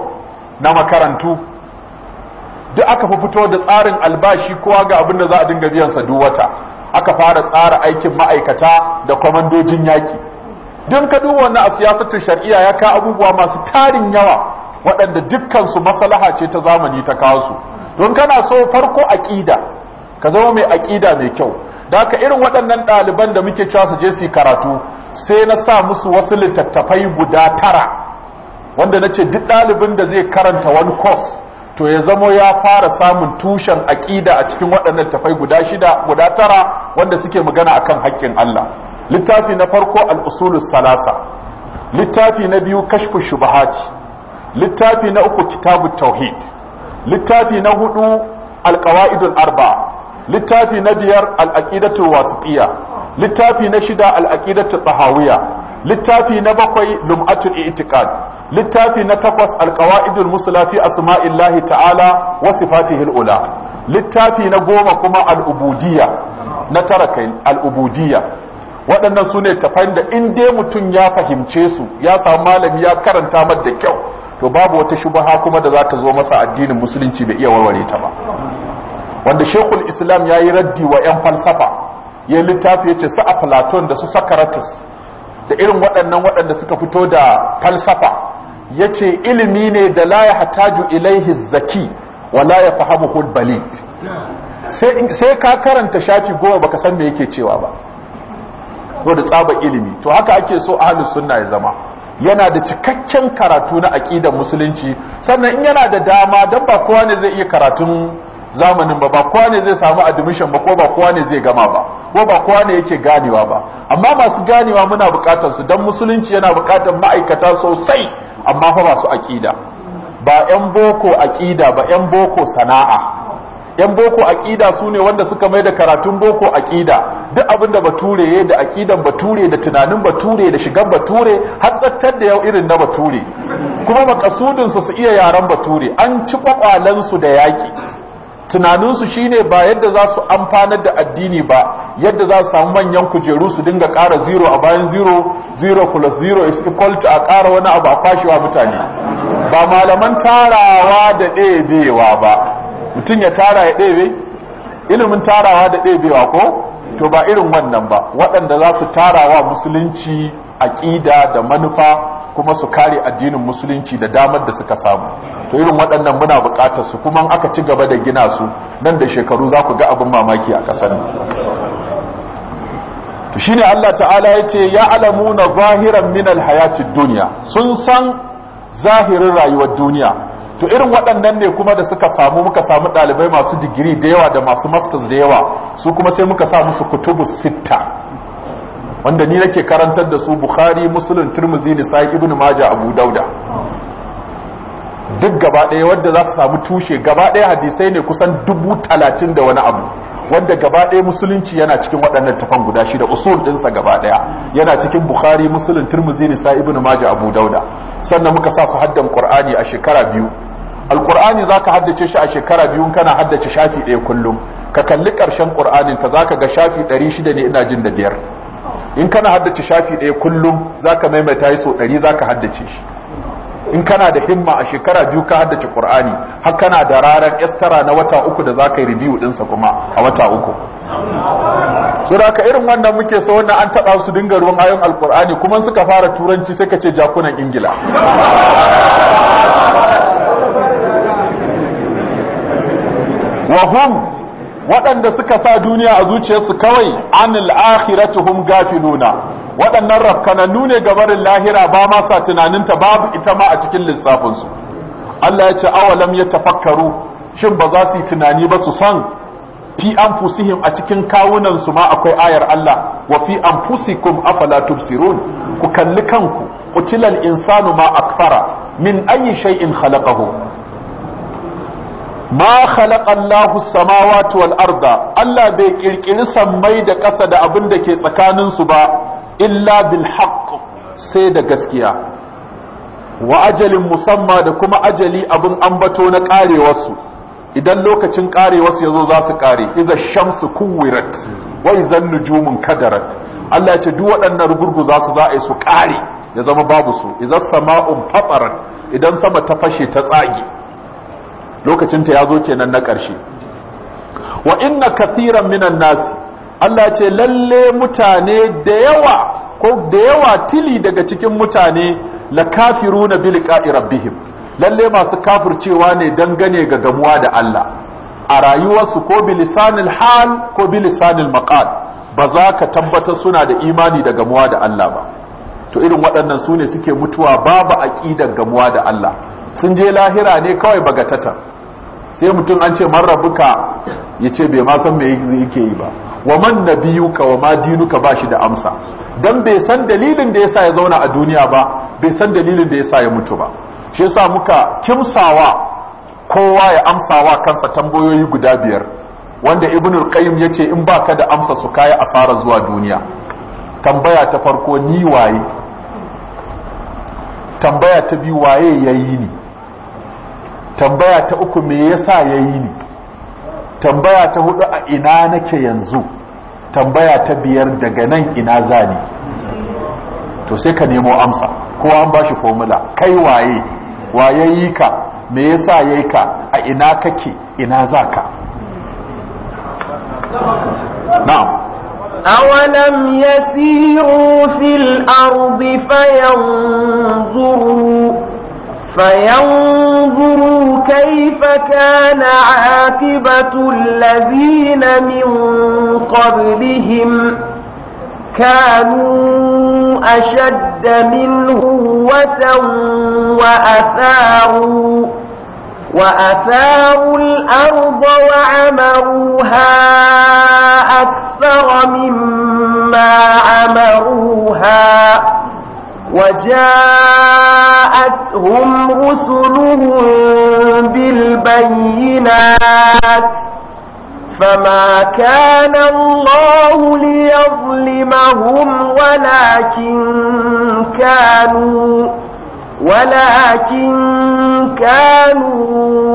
na makarantu duk aka fi fito da tsarin albashi kowa ga abin da za a dinga biyan sa duk wata aka fara tsara aikin ma'aikata da kwamandojin yaki. don ka duba wannan a siyasatun shari'a ya ka abubuwa masu tarin yawa waɗanda dukkansu masalaha ce ta zamani ta kawo su don kana so farko aƙida ka zama mai aƙida mai kyau da ka irin waɗannan ɗaliban da muke cewa su je su karatu sai na sa musu wasu littattafai guda tara wanda na ce duk ɗalibin da zai karanta wani course to ya zamo ya fara samun tushen aƙida a cikin waɗannan tafai guda shida guda tara wanda suke magana akan haƙƙin Allah littafi na farko al salasa littafi na biyu kashfu shubahati littafi na uku kitabu tauhid littafi na hudu al-qawaidul arba littafi na biyar al-aqidatul wasitiya littafi na shida al-aqidatul tahawiyya littafi na bakwai lum'atul i'tiqad littafi na takwas alqawaidul musla fi asma'illahi ta'ala wa sifatihi al'ula littafi na goma kuma al'ubudiyya na tara kai al'ubudiyya waɗannan su ne tafayin da in dai mutum ya fahimce su ya samu malami ya karanta mar da kyau to babu wata shubaha kuma da za ta zo masa addinin musulunci bai iya warware ta ba wanda shekul islam ya yi raddi wa 'yan falsafa ya littafi ya ce su a platon da su sakaratus da irin waɗannan waɗanda suka fito da falsafa ya ce ilimi ne da la ya hataju ilaihi zaki wa la ya fahamu sai ka karanta shafi goma baka san me yake cewa ba ko da tsaba ilimi to haka ake so ahlus sunna ya zama yana da cikakken karatu na aqidar musulunci sannan in yana da dama dan ba kowa ne zai iya karatun zamanin ba ba kowa ne zai samu admission ba ko ba kowa ne zai gama ba ko ba kowa ne yake ganewa ba amma masu ganewa muna bukatar su dan musulunci yana bukatar ma'aikata sosai amma fa ba su aqida ba yan boko aqida ba yan boko sana'a yan boko aqida su ne wanda suka mai da karatun boko aqida duk abin da bature ya da aqidan bature da tunanin bature da shigan bature har tsattar da yau irin na bature kuma makasudin su su iya yaran bature an ci kwakwalan su da yaki tunaninsu shi ne ba yadda za su amfanar da addini ba yadda za su samu manyan kujeru su dinga ƙara zero a bayan zero zero plus zero is equal to a ƙara wani abu a kwashewa mutane ba malaman tarawa da ɗebewa ba mutum ya tara ya ɗebe ilimin tarawa da ɗebewa ko to ba irin wannan ba waɗanda za su tarawa musulunci aƙida da manufa kuma su kare addinin musulunci da damar da suka samu to irin waɗannan muna buƙatar su kuma aka ci gaba da gina su nan da shekaru za ku ga abin mamaki a ƙasar to shine Allah ta'ala ya ce ya alamuna zahiran min alhayatid duniya sun san zahirin rayuwar duniya to irin waɗannan ne kuma da suka samu muka samu ɗalibai masu digiri da yawa da masu masters da yawa su kuma sai muka sa musu kutubu sitta wanda ni nake karantar da su bukhari muslim tirmizi nisa ibnu maja abu dauda duk gaba ɗaya wadda za su samu tushe gaba ɗaya hadisai ne kusan dubu talatin da wani abu wanda gaba ɗaya musulunci yana cikin waɗannan tafan guda shida usul ɗinsa gaba ɗaya yana cikin bukhari muslim tirmizi nisa ibnu maja abu dauda sannan muka sa su haddan qur'ani a shekara biyu alqur'ani zaka haddace shi a shekara biyu kana haddace shafi ɗaya kullum ka kalli ƙarshen ƙur'anin ka zaka ga shafi ɗari ne ina jin da biyar in kana haddace shafi ɗaya kullum za zaka maimaita yi so ɗari za ka haddace shi in kana da himma a shekara biyu ka haddace ƙur'ani har kana da ranar estara na wata uku da za ka yi review ɗinsa kuma a wata uku su ka irin wannan muke sa wannan an taɓa su dinga ruwan ayon alƙur'ani kuma suka fara turanci sai ka ce jakunan ingila wahum waɗanda suka sa duniya a zuciyarsu kawai anil akhiratuhum gafiluna waɗannan rafkananu ne gabarin lahira ba ma sa tunaninta babu ita ma a cikin lissafinsu Allah ya ce awalam ya tafakkaru shin ba za su yi tunani ba su san fi anfusihim a cikin kawunansu ma akwai ayar Allah wa fi anfusikum afala tubsirun ku kalli kanku qutilal insanu ma akfara min ayi shay'in khalaqahu ma khalaqa Allahu samawati wal arda Allah bai kirkiri sammai da ƙasa da abin da ke tsakanin su ba illa bil haqq sai da gaskiya wa ajalin musamma da kuma ajali abin ambato na su, idan lokacin karewarsu yazo za su kare iza shamsu kuwirat wa iza nujumun kadarat Allah ya ce duk waɗannan rugurgu za su za a yi su kare ya zama babu su iza sama'un fatarat idan sama ta fashe ta tsage lokacinta ya zo kenan na ƙarshe wa inna kathiran minan nasi Allah ce lalle mutane da yawa ko da yawa tili daga cikin mutane la kafiruna bil qa'i rabbihim lalle masu kafircewa ne dangane ga gamuwa da Allah a rayuwarsu ko bi lisanil hal ko bi lisanil maqal ba za ka tabbatar suna da imani da gamuwa da Allah ba to irin waɗannan su ne suke mutuwa babu aƙidar gamuwa da Allah sun je lahira ne kawai bagatata sai mutum an ce mara buka ya ce bai masan san yake yi ba wa man na ka wa ma ka ba shi da amsa dan bai san dalilin da ya sa ya zauna a duniya ba bai san dalilin da ya sa ya mutu ba shi yasa muka kimsawa kowa ya amsawa kansa tambayoyi guda biyar wanda ibnul ya ce in baka da amsa su kai asara zuwa duniya tambaya ta farko ni waye tambaya ta biyu waye yayi ni tambaya ta uku me yasa yayi ni tambaya ta hudu a ina nake yanzu tambaya ta biyar daga nan ina zani to sai ka nemo amsa ko an ba shi formula kai waye waye yi ka me yasa yayi ka a ina kake ina zaka na'am أولم يسيروا في الأرض فينظروا فينظروا كيف كان عاقبة الذين من قبلهم كانوا أشد منه وأثاروا وأثاروا الأرض وعمروها أكثر مما عمروها وجاءتهم رسلهم بالبينات فما كان الله ليظلمهم ولكن كانوا ولكن كانوا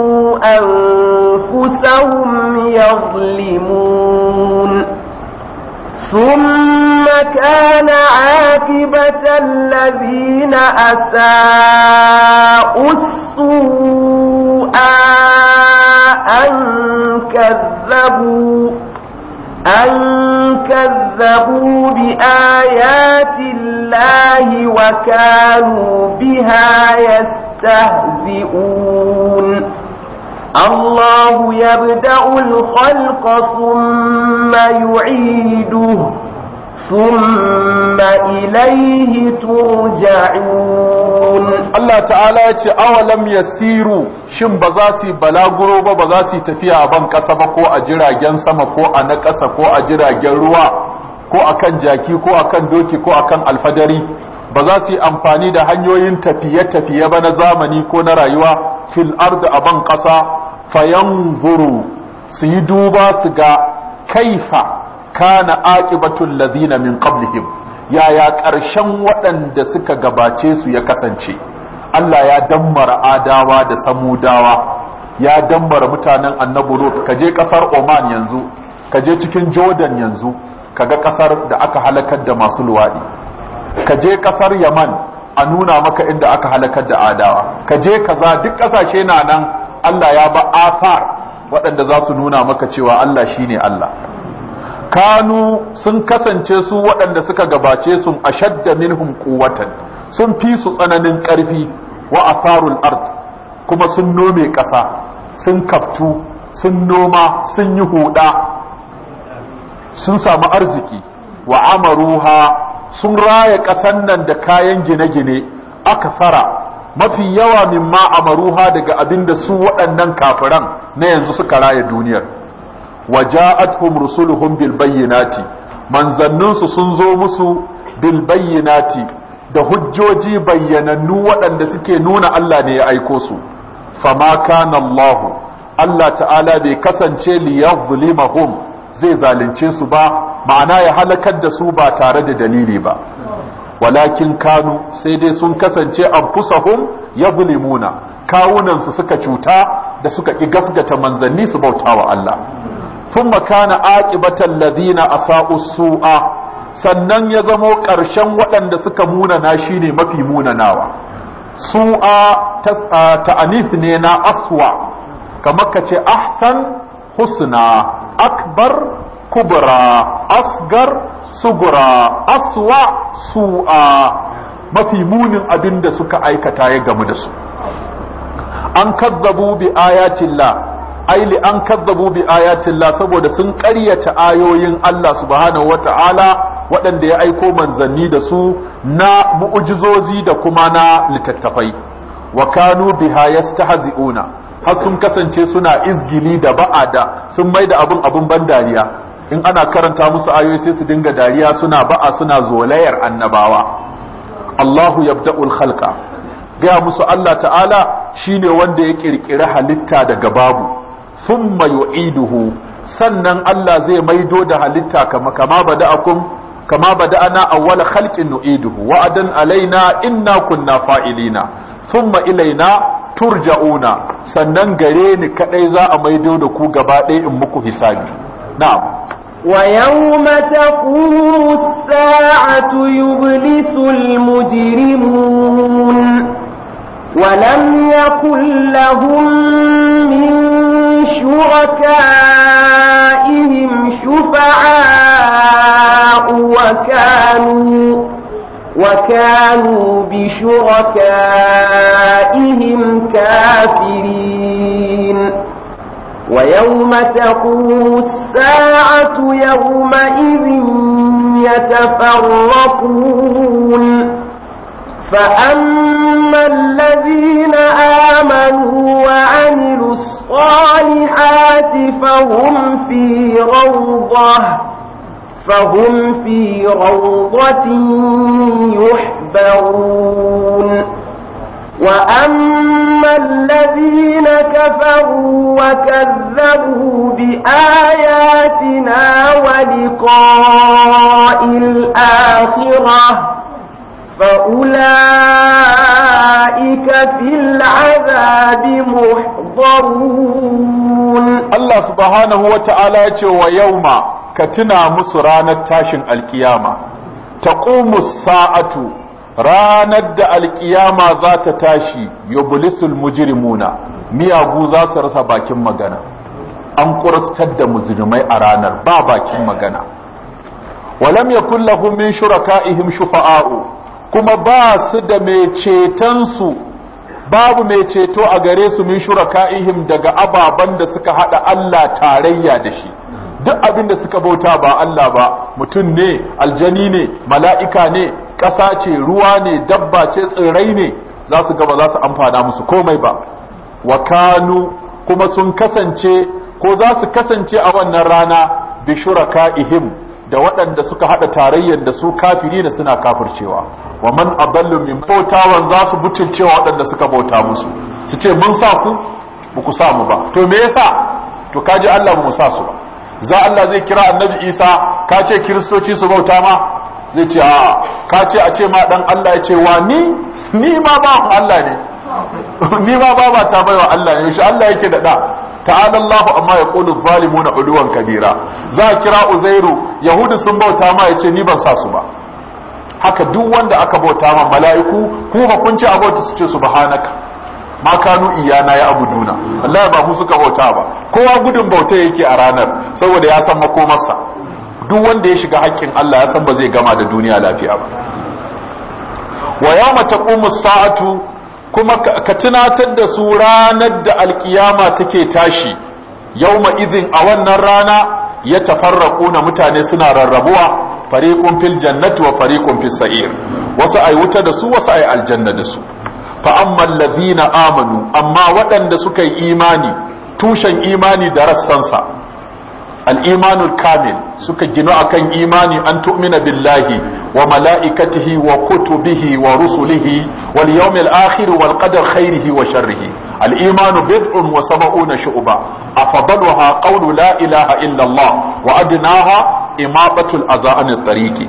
أنفسهم يظلمون ثم كان عاقبة الذين أساءوا السوء أن كذبوا أن كذبوا بآيات الله وكانوا بها يستهزئون الله يبدأ الخلق ثم يعيده Allah Ta'ala ya ce تعالى أولم siru, shin ba za su balaguro ba ba za su tafiya a ban ƙasa ba ko a jiragen sama ko a na ƙasa ko a jiragen ruwa ko a kan jaki ko a kan doki ko a kan alfadari ba za su yi amfani da hanyoyin tafiye-tafiye ba na zamani ko na rayuwa fil ardi a ban ƙasa fayanzuru su yi duba su ga kaifa kana aqibatul ladina min qablihim yaya ƙarshen waɗanda suka gabace su ya kasance Allah ya dammara adawa da samudawa ya dammara mutanen annabi lut kaje kasar Oman yanzu kaje cikin Jordan yanzu kaga kasar da aka halakar da masu luwadi kaje kasar Yaman a nuna maka inda aka halakar da adawa kaje kaza duk kasashe na nan Allah ya ba afar waɗanda za su nuna maka cewa Allah shine Allah kanu sun kasance su waɗanda suka gabace su a ashadda minhum kuwatan sun fi su tsananin ƙarfi wa farul ard kuma sun nome ƙasa sun kaftu sun noma sun yi huda sun samu arziki wa amaruha sun raya ƙasan nan da kayan gine-gine aka fara mafi yawa min ma amaruha daga abinda su waɗannan kafiran na yanzu suka raya duniyar wa ja'atuhum rusuluhum bil bayyinati manzannin su sun zo musu bil bayyinati da hujjoji bayyanannu waɗanda suke nuna Allah ne ya aiko su fama kana Allah Allah ta'ala bai kasance li yadhlimahum zai zalunce su ba ma'ana ya halakar da su ba tare da dalili ba walakin kanu sai dai sun kasance anfusahum yadhlimuna su suka cuta da suka ƙi gasgata manzanni su bautawa Allah thumma kana aqibatal a asa'u su'a sannan ya zamo ƙarshen waɗanda suka munana shi ne mafi munanawa su'a ta'anis ne na aswa kamar ka ce ahsan husna akbar kubra asgar sugura aswa su'a mafi munin abin da suka aikata ya gamu da su an kazzabu bi ayatillah aili an kazzabu bi la saboda sun ƙaryata ayoyin Allah subhanahu ta'ala waɗanda ya aiko manzanni da su na mu'ujizozi da kuma na littattafai wa kanu biha yastahzi'una har sun kasance suna izgili da ba'ada sun mai da abun abun ban dariya in ana karanta musu ayoyi sai su dinga dariya suna ba'a suna zolayar annabawa Allahu yabda'ul khalqa gaya musu Allah ta'ala shine wanda ya kirkiri halitta daga babu thumma yu'iduhu sannan Allah zai maido da halitta kama kama bada'akum kama bada'ana awwal khalqin nu'iduhu wa'adan alaina inna kunna fa'ilina thumma ilaina turja'una sannan gare ni kadai za a maido da ku gaba ɗaya in muku hisabi na'am ويوم تقوم الساعة يبلس المجرمون ولم يكن لهم من شركائهم شفعاء وكانوا وكانوا بشركائهم كافرين ويوم تقوم الساعة يومئذ يتفرقون فأما الذين آمنوا وعملوا الصالحات فهم في روضة فهم في روضة يحبرون وأما الذين كفروا وكذبوا بآياتنا ولقاء الآخرة فأولئك في العذاب محضرون الله سبحانه وتعالى ويوم كتنا مسرانا تاشن القيامة تقوم الساعة ranar da alkiyama za ta tashi yublisul mujrimuna miyagu za su rasa bakin magana an kurastar da mujrimai a ranar ba bakin magana walam ya lahum min shuraka'ihim shufa'a'u kuma ba su da mai cetonsu babu mai ceto a gare su min ka'ihim daga ababen da suka hada Allah tarayya da shi duk abin da suka bauta ba Allah ba mutum ne aljani ne mala'ika ne ƙasa ce ruwa ne dabba ce tsirrai ne za su gaba za su amfana musu komai ba wa kanu kuma sun kasance ko za su kasance a wannan rana bi ka'ihim. da waɗanda suka haɗa tarayyar da su kafiri da suna kafircewa wa man aballu min bautawan za su butulcewa waɗanda suka bauta musu su ce mun sa ku ba ku sa mu ba to me yasa to kaji Allah mu sa su ba za Allah zai kira annabi Isa ka ce kiristoci su bauta ma zai ce a ka ce a ce ma dan Allah ya ce wa ni ni ma ba Allah ne ni ma ba ba ta baiwa Allah ne shi Allah yake da da ta'ala Allahu amma ya qulu zalimuna uduwan kabira za kira uzairu yahudu sun bauta ma yace ni ban sa su ba haka duk wanda aka bauta ma mala'iku ku ba kun ce abota su ce subhanaka ma kanu iyana ya abuduna wallahi ba ku suka bauta ba kowa gudun bauta yake a ranar saboda ya san makomarsa duk wanda ya shiga hakkin Allah ya san ba zai gama da duniya lafiya ba wa yawma taqumu as-sa'atu kuma ka tunatar da su ranar da alkiyama take tashi yau izin a wannan rana ya tafarraku na mutane suna rarrabuwa fariqun fil jannati wa fariqun fis sa'ir wasu ai wuta da su wasu ai aljanna da su fa amman allazina amanu amma waɗanda suka yi imani tushen imani da rassansa al'imanul kamil suka gina akan imani an tu'mina billahi wa mala'ikatihi wa kutubihi wa rusulihi wal yawmil akhir wal qadar khairihi wa sharrihi al'imanu bid'un wa saba'una shu'ba afdaluha qawlu la ilaha illa Allah wa adnaha imabatul azaan tariqi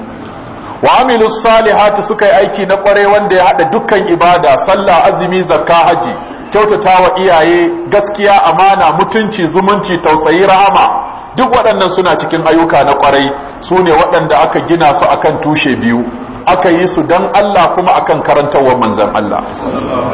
wa amilu salihati suka yi aiki na kwarai wanda ya haɗa dukkan ibada sallah azumi zakka haji kyautatawa iyaye gaskiya amana mutunci zumunci tausayi rahama duk waɗannan suna cikin ayyuka na ƙwarai su ne waɗanda aka gina su akan tushe biyu aka yi su don Allah kuma akan karantarwar manzan Allah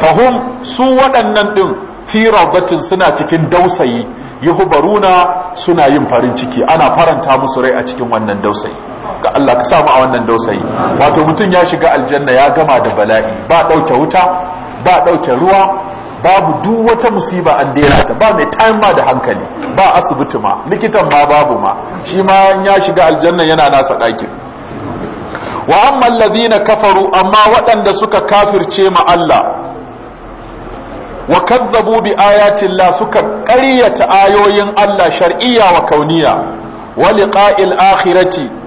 fahim su waɗannan ɗin fi batin suna cikin dausayi yuhbaruna suna yin farin ciki ana faranta musu rai a cikin wannan dausayi ga Allah ka samu a wannan dausayi wato mutum ya shiga aljanna ya gama da bala'i ba ɗauke wuta ba ɗauke ruwa babu duk wata musiba an dera ta ba mai taimma da hankali ba asibiti ma likitan ma babu ma shi ma ya shiga aljanna yana nasa ɗakin wa amma alladhina kafaru amma waɗanda suka kafirce ma Allah wa kazzabu bi ayati Allah suka ƙaryata ayoyin Allah shar'iyya wa kauniya wa liqa'il akhirati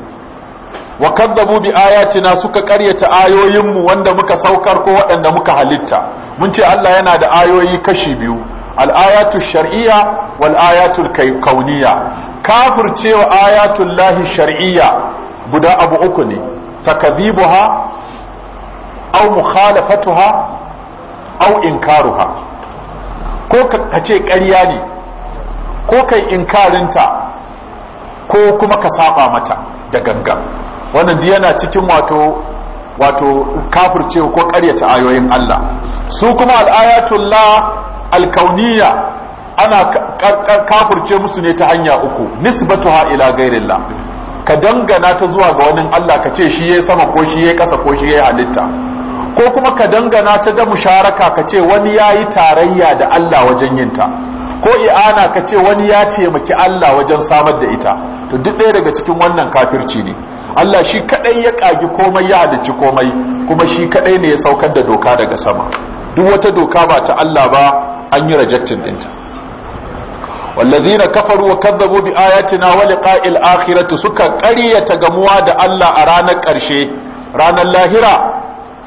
wa kadzabu bi ayatina suka karyata ayoyinmu wanda muka saukar ko waɗanda muka halitta mun ce Allah yana da ayoyi kashi biyu al ayatu shar'iyya wal ayatu kauniyya kafircewa ayatul lahi shar'iyya guda abu uku ne takazibuha aw mukhalafatuha aw inkaruha ko ka ce ƙarya ne ko kai inkarinta ko kuma ka saba mata da gangan wannan ji yana cikin wato wato kafirce ko karyata ayoyin Allah su kuma al alkauniya ana kafirce musu ne ta hanya uku nisbatuha ila ghairillah ka dangana ta zuwa ga wani Allah ka ce shi yayi sama ko shi yayi kasa ko shi yayi halitta ko kuma ka dangana ta da musharaka ka ce wani yayi tarayya da Allah wajen yinta ko i'ana ka ce wani ya taimaki Allah wajen samar da ita to duk ɗaya daga cikin wannan kafirci ne Allah shi kadai ya kagi komai ya halicci komai kuma shi kadai ne ya saukar da doka daga sama duk wata doka ba ta Allah ba an yi rejectin dinta والذين كفروا وكذبوا بآياتنا ولقاء الآخرة سكا قرية جموا دا الله أرانا كرشي رانا اللاهرة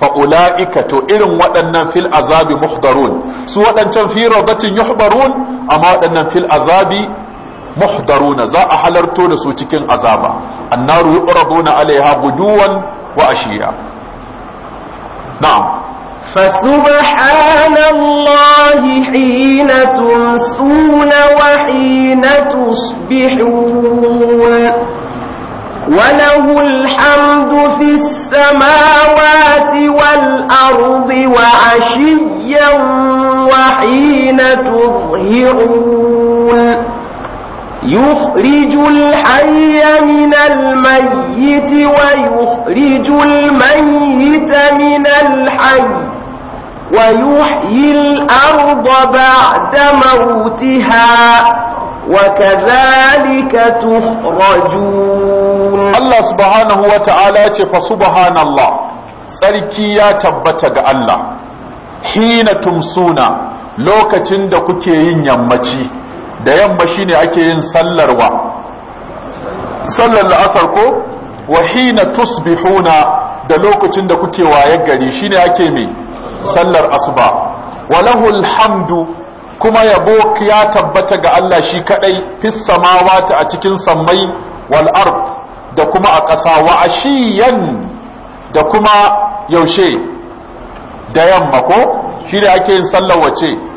فأولئك تئرم وأنن في العذاب محضرون سوى أن في روضة يحضرون أما أنن في العذاب محضرون زا أحلرتون سوى تكين عذابا النار yuqraduna عليها gujuwan وأشياء نعم فسبحان الله حين تمسون وحين تصبحون وله الحمد في السماوات والأرض وعشيا وحين تظهرون يخرج الحي من الميت ويخرج الميت من الحي ويحيي الأرض بعد موتها وكذلك تخرجون الله سبحانه وتعالى فسبحان الله سركي يا تبتك الله حين تمسون لوكتن دكتين يمتي da yamma shine ake yin sallarwa sallar la'asar ko wahina tusbihuna da lokacin da kuke waye gari shine ake mai sallar asuba walahul hamdu kuma yabo ya tabbata ga Allah shi kadai fis samawati a cikin sammai wal ard da kuma a ƙasa wa ashiyan da kuma yaushe da yamma ko shi da ake yin sallar wace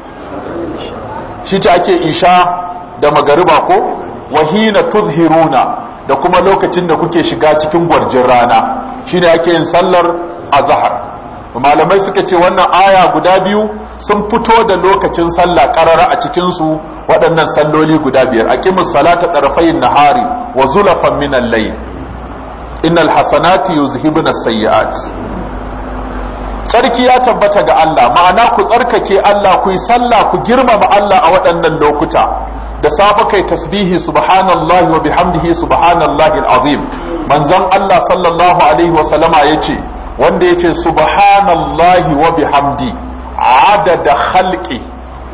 shi ce ake isha da magariba ko wahina tuzhiruna da kuma lokacin da kuke shiga cikin gwarjin rana shine ake yin sallar azhar malamai suka ce wannan aya guda biyu sun fito da lokacin sallah qarara a cikin su waɗannan salloli guda biyar aqimus salata tarfayin nahari wa zulafan minal layl innal hasanati yuzhibuna as-sayyi'at tsarki ya tabbata ga Allah ma'ana ku tsarkake Allah ku yi sallah ku girmama Allah a waɗannan lokuta da safe kai tasbihi subhanallahi wa bihamdihi subhanallahi alazim manzon Allah sallallahu alaihi wa sallama yace wanda yace subhanallahi wa bihamdi adada khalqi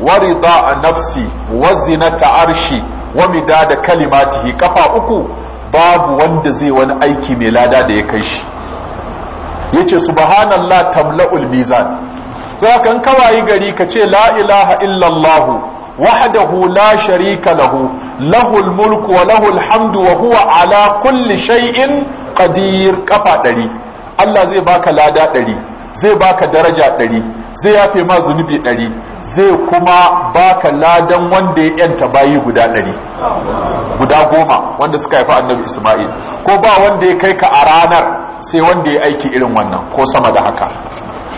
wa rida nafsi wa zinata arshi wa midada kalimatihi kafa uku babu wanda zai wani aiki mai lada da ya kai shi yace subhanallah tamla'ul mizan sai kan kawai gari ka ce la ilaha illallah wahdahu la sharika lahu lahul mulku wa lahul hamdu wa huwa ala kulli shay'in qadir kafa ɗari. Allah zai baka lada ɗari, zai baka daraja ɗari, zai yafe ma zunubi ɗari, zai kuma baka ladan wanda ya yanta bayi guda ɗari, guda goma wanda suka haifa annabi Ismail ko ba wanda ya kai ka a ranar sai wanda ya aiki irin wannan ko sama da haka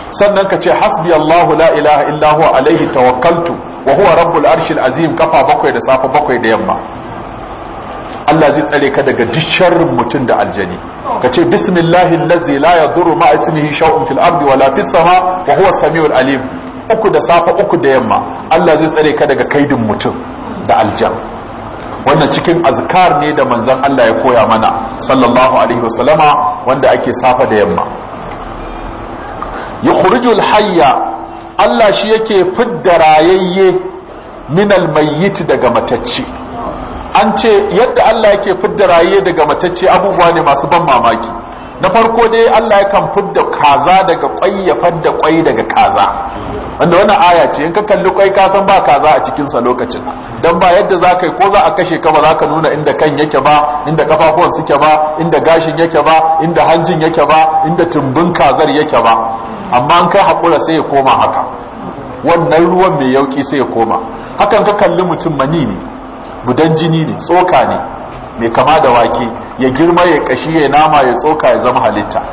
sannan ka ce hasbi Allahu la ilaha illa huwa alaihi tawakkaltu wa huwa rabbul arshil azim kafa bakwai da safa bakwai da yamma Allah zai tsare ka daga duk mutum da aljani ka ce bismillahi allazi la yadurru ma ismihi shay'un fil ardi wala fis sama wa huwa samiul alim uku da safa uku da yamma Allah zai tsare ka daga kaidin mutum da aljan wannan cikin azkar ne da manzon Allah ya koya mana sallallahu alaihi wasallama wanda ake safa da yamma yukhrijul hayya Allah shi yake fidda rayayye minal mayyit daga matacce an ce yadda Allah yake fidda rayayye daga matacce abubuwa ne masu ban mamaki na farko dai Allah yakan fidda kaza daga kwai ya fadda kwai daga kaza wanda wannan aya ce in ka kalli kwai ka san ba kaza a cikin sa lokacin dan ba yadda za ka yi ko za a kashe ka ba za ka nuna inda kan yake ba inda kafafuwan suke ba inda gashin yake ba inda hanjin yake ba inda tumbin kazar yake ba amma in kai hakura sai ya koma haka wannan ruwan mai yauki sai ya koma hakan ka kalli mutum mani ne budan jini ne tsoka ne mai kama da wake ya girma ya kashi ya nama ya tsoka ya zama halitta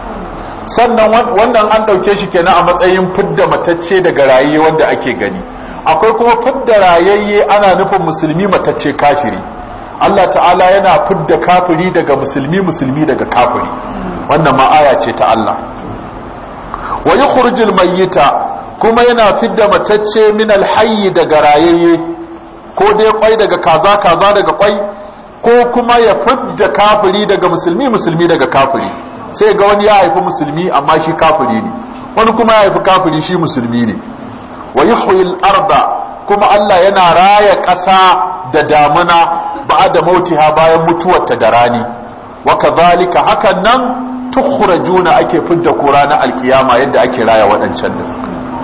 sannan wannan an ɗauke shi kenan a matsayin fidda matacce daga raye wanda ake gani akwai kuma fidda rayayye ana nufin musulmi matacce kafiri Allah ta'ala yana fidda kafiri daga musulmi musulmi daga kafiri wannan ma aya ce ta Allah wa yukhrijul mayyita kuma yana fidda matacce min alhayyi daga rayayye ko dai kwai daga kaza kaza daga kwai ko kuma ya fidda kafiri daga musulmi musulmi daga kafiri sai ga wani ya haifi musulmi amma shi kafiri ne wani kuma ya haifi kafiri shi musulmi ne wa yuhyil arda kuma Allah yana raya ƙasa da damuna ba'da mautiha bayan mutuwarta da rani wa kadhalika hakan nan tukhrajuna ake fidda ku ranar alkiyama yadda ake raya waɗancan din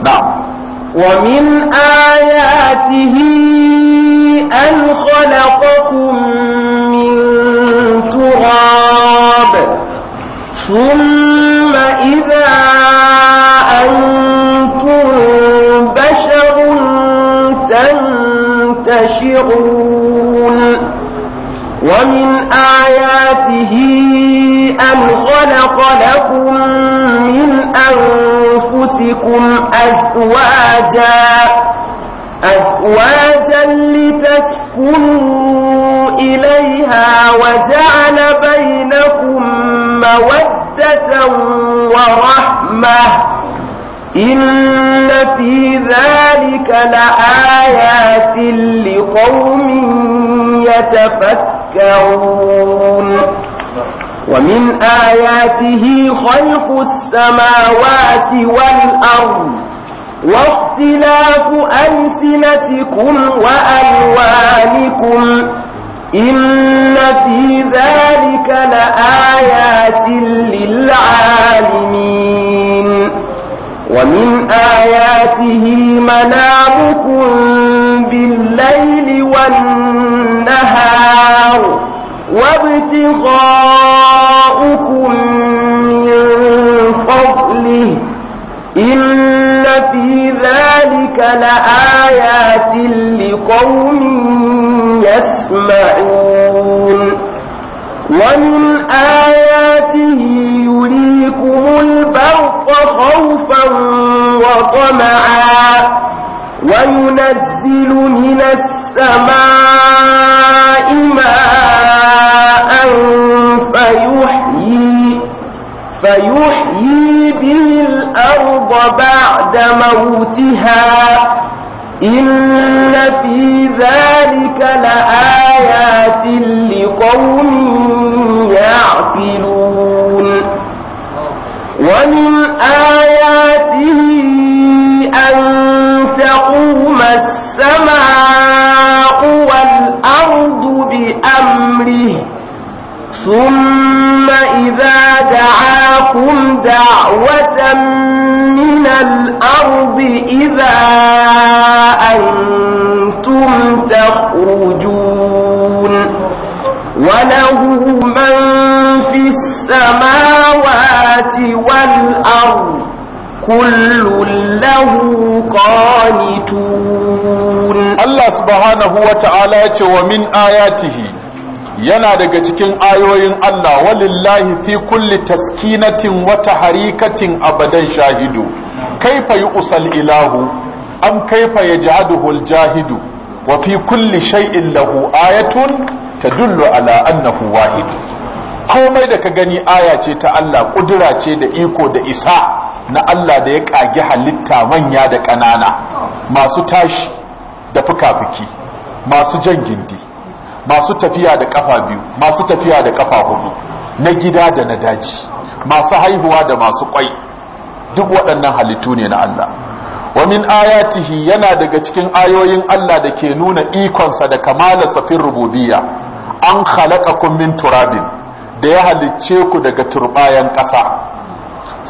na'am ومن آياته أن خلقكم min تراب ثم إذا أنتم بشر تنتشرون ومن آياته أن خلق لكم من أنفسكم أزواجا أزواجا لتسكنوا إليها وجعل بينكم مودة ورحمة إن في ذلك لآيات لقوم يتفكرون ومن آياته خلق السماوات والأرض واختلاف ألسنتكم وألوانكم إن في ذلك لآيات للعالمين ومن آياته منامكم بالليل والنهار وابتغاؤكم من فضله إن في ذلك لآيات لقوم يسمعون ومن آياته يريكم البرق خوفا وطمعا وينزل من السماء ماء فيحيي فيحيي به الأرض بعد موتها إن في ذلك لآيات لقوم يعقلون ومن آياته أن تقوم السماء والأرض بأمره ثم إذا دعاكم دعوة من الأرض إذا أنتم تخرجون وله من في السماوات والأرض كل له قانتون الله سبحانه وتعالى ومن آياته yana daga cikin ayoyin Allah walillahi fi kulli taskinatin wata harikatin abadan shahidu kaifa yu'sal ilahu am kaifa yaj'aduhu aljahidu wa fi kulli shay'in lahu ayatun tadullu ala annahu wahid komai da ka gani aya ce ta Allah kudura ce da iko da isa na Allah da ya kage halitta manya da ƙanana masu tashi da fuka-fuki masu jan gindi masu tafiya da kafa biyu masu tafiya da kafa hudu na gida da na daji masu haihuwa da masu kwai duk waɗannan halittu ne na Allah wa min ayatihi yana daga cikin ayoyin Allah da ke nuna ikonsa da kamala Safin rububiya an khalaqakum min turabin da ya halicce ku daga turbayan ƙasa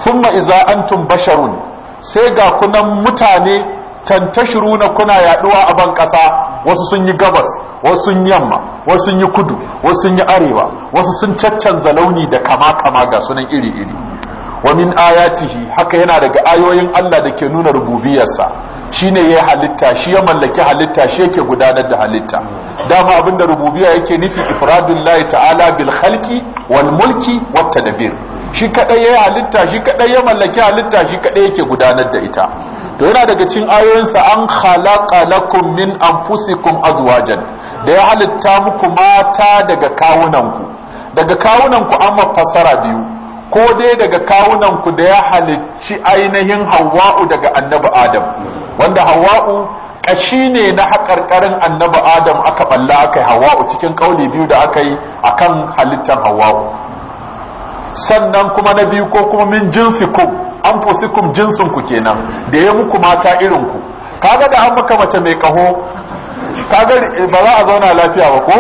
thumma iza antum basharun sai ga kunan mutane na kuna yaduwa a ban kasa wasu sun yi gabas wasu sun yamma wasu sun yi kudu wasu sun yi arewa wasu sun caccanza launi da kama kama ga sunan iri iri wa min ayatihi haka yana daga ayoyin Allah da ke nuna rububiyarsa Shi shine ya halitta shi ya mallaki halitta shi yake gudanar da halitta dama abinda rububiyya yake nufi ifradullahi ta'ala bil khalqi wal mulki wat tadbir shi kadai ya halitta shi kadai ya mallaki halitta shi kadai yake gudanar da ita to yana daga cikin ayoyinsa an khalaqa lakum min anfusikum azwajan da ya halitta muku mata daga kawunanku daga kawunanku an fassara biyu ko dai daga kawunanku da ya halicci ainihin hawa'u daga annabi adam wanda hawa'u kashi ne na haƙarƙarin annabi adam aka balla aka hawa'u cikin kauli biyu da aka yi akan kan halittar hawa'u sannan kuma na biyu ko kuma min jinsikum jinsin jinsinku kenan da ya muku mata irin ku kaga da an maka mace mai kaho kaga ba za a zauna lafiya ba ko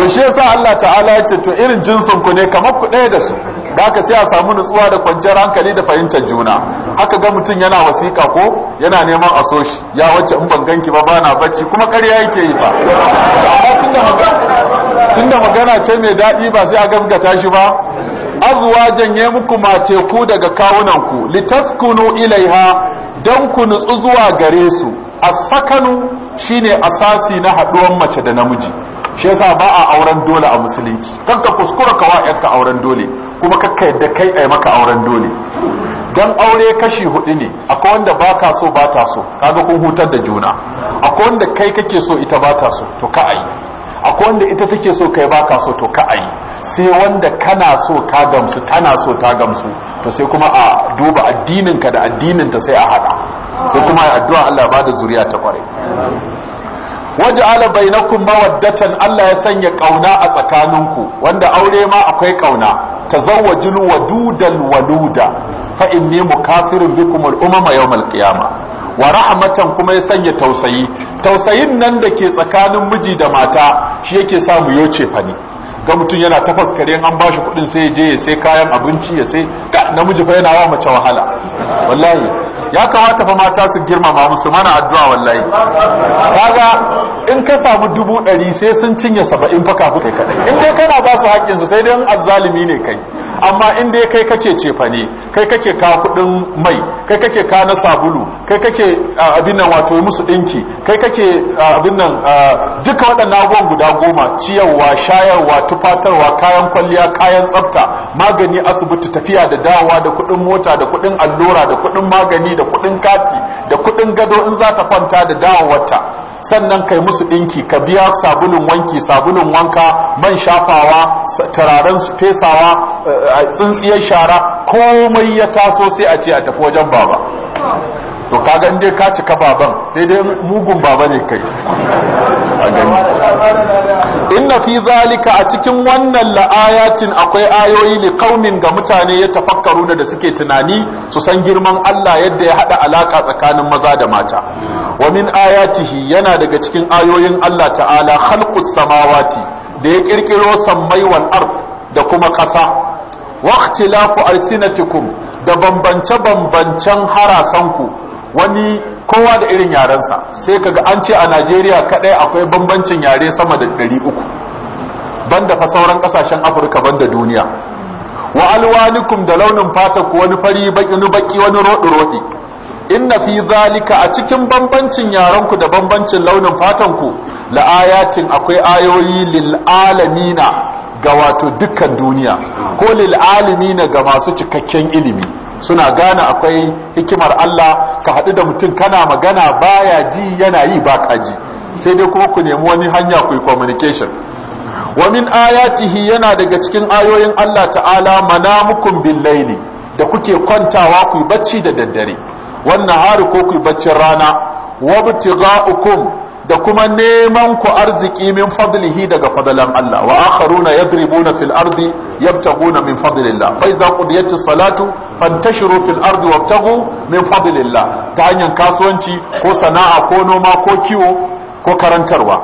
yashi shi yasa Allah ta'ala ya ce to irin jinsin ku ne kamar ku ɗaya da su da ka sai a samu nutsuwa da kwanciyar hankali da fahimtar juna haka ga mutum yana wasiƙa ko yana neman a so shi ya wacce in ban ganki ba bana bacci kuma ƙarya yake yi fa da magana ce mai daɗi ba sai a gaskata shi ba azuwa janye muku mace ku daga kawunanku litaskunu ilaiha don ku nutsu zuwa gare su asakanu shine asasi na haɗuwan mace da namiji shi yasa ba a auren dole a musulunci kanka kuskura kawa yanka auren dole kuma ka da kai ai maka auren dole don aure kashi hudu ne akwai wanda ba ta so ba ta so kaga kun hutar da juna akwai wanda kai kake so ita ba ta so to ka ayi akwai wanda ita take so kai ba ka so to ka ayi sai wanda kana so ka gamsu tana so ta gamsu to sai kuma a duba addininka da addinin ta sai a hada sai kuma a addu'a Allah ba da zuriya ta kware ala bainakum mawaddatan Allah ya sanya kauna a tsakaninku wanda aure ma akwai kauna tazawwajul wadudal waluda fa inni mukafirun bikum al umama yawmal qiyama wa rahmatan kuma ya sanya tausayi tausayin nan da ke tsakanin miji da mata shi yake sa mu yoce fani ga mutum yana tafas kare an ba shi kudin sai je ya sai kayan abinci ya sai namiji fa yana wa mace wahala wallahi ya kamata fa mata su girmama musu mana addu'a wallahi kaga in ka samu dubu ɗari sai sun cinye saba'in fa kafu kai kaɗai in dai kana ba su haƙƙinsu sai dai azzalimi ne kai amma in dai kai kake cefa ne kai kake ka kuɗin mai kai kake ka na sabulu kai kake abin nan wato musu ɗinki kai kake abin nan duka waɗannan abubuwan guda goma ciyarwa shayarwa tufatarwa kayan kwalliya kayan tsafta magani asibiti tafiya da dawa da kuɗin mota da kuɗin allura da kuɗin magani da kuɗin kati da kuɗin gado in za ta kwanta da dawowarta sannan kai musu ɗinki ka biya sabulun wanki sabulun wanka man shafawa turaren fesawa eh, eh, tsintsiyar shara komai ya taso sai a ce a tafi wajen baba to kaga inda ka cika baban sai dai mugun baba ne kai a gani inna fi zalika a cikin wannan la'ayatin akwai ayoyi ne kaunin ga mutane ya tafakkaru da suke tunani su san girman Allah yadda ya hada alaka tsakanin maza da mata wa min ayatihi yana daga cikin ayoyin Allah ta'ala khalqus samawati da ya kirkiro sammai wal ard da kuma kasa wa ikhtilafu alsinatikum da bambance bambancen harasanku wani kowa da irin yarensa sai kaga an ce a najeriya kadai akwai bambancin yare sama da 300 banda fa sauran kasashen afirka banda duniya wa alwanikum da launin fata ko wani fari baki baki wani rodi rodi inna fi zalika a cikin bambancin yaren ku da bambancin launin fatan ku la ayatin akwai ayoyi lil alamina ga wato dukkan duniya ko lil alamina ga masu cikakken ilimi suna gane akwai hikimar Allah ka haɗu da mutum kana magana baya ji yana yi ba ka ji sai dai kuma ku nemi wani hanya ku yi communication wa min ayatihi yana daga cikin ayoyin Allah ta'ala manamukum bil laili da kuke kwantawa ku yi bacci da daddare wannan hari ko ku yi baccin rana wa ibtigha'ukum da kuma neman ku arziki min fadlihi daga fadalan Allah wa akharuna yadribuna fil ardi yabtaguna min fadlillah fa idza qudiyat salatu fantashiru fil ardi wabtagu min fadlillah ta hanyar kasuwanci ko sana'a ko noma ko kiwo ko karantarwa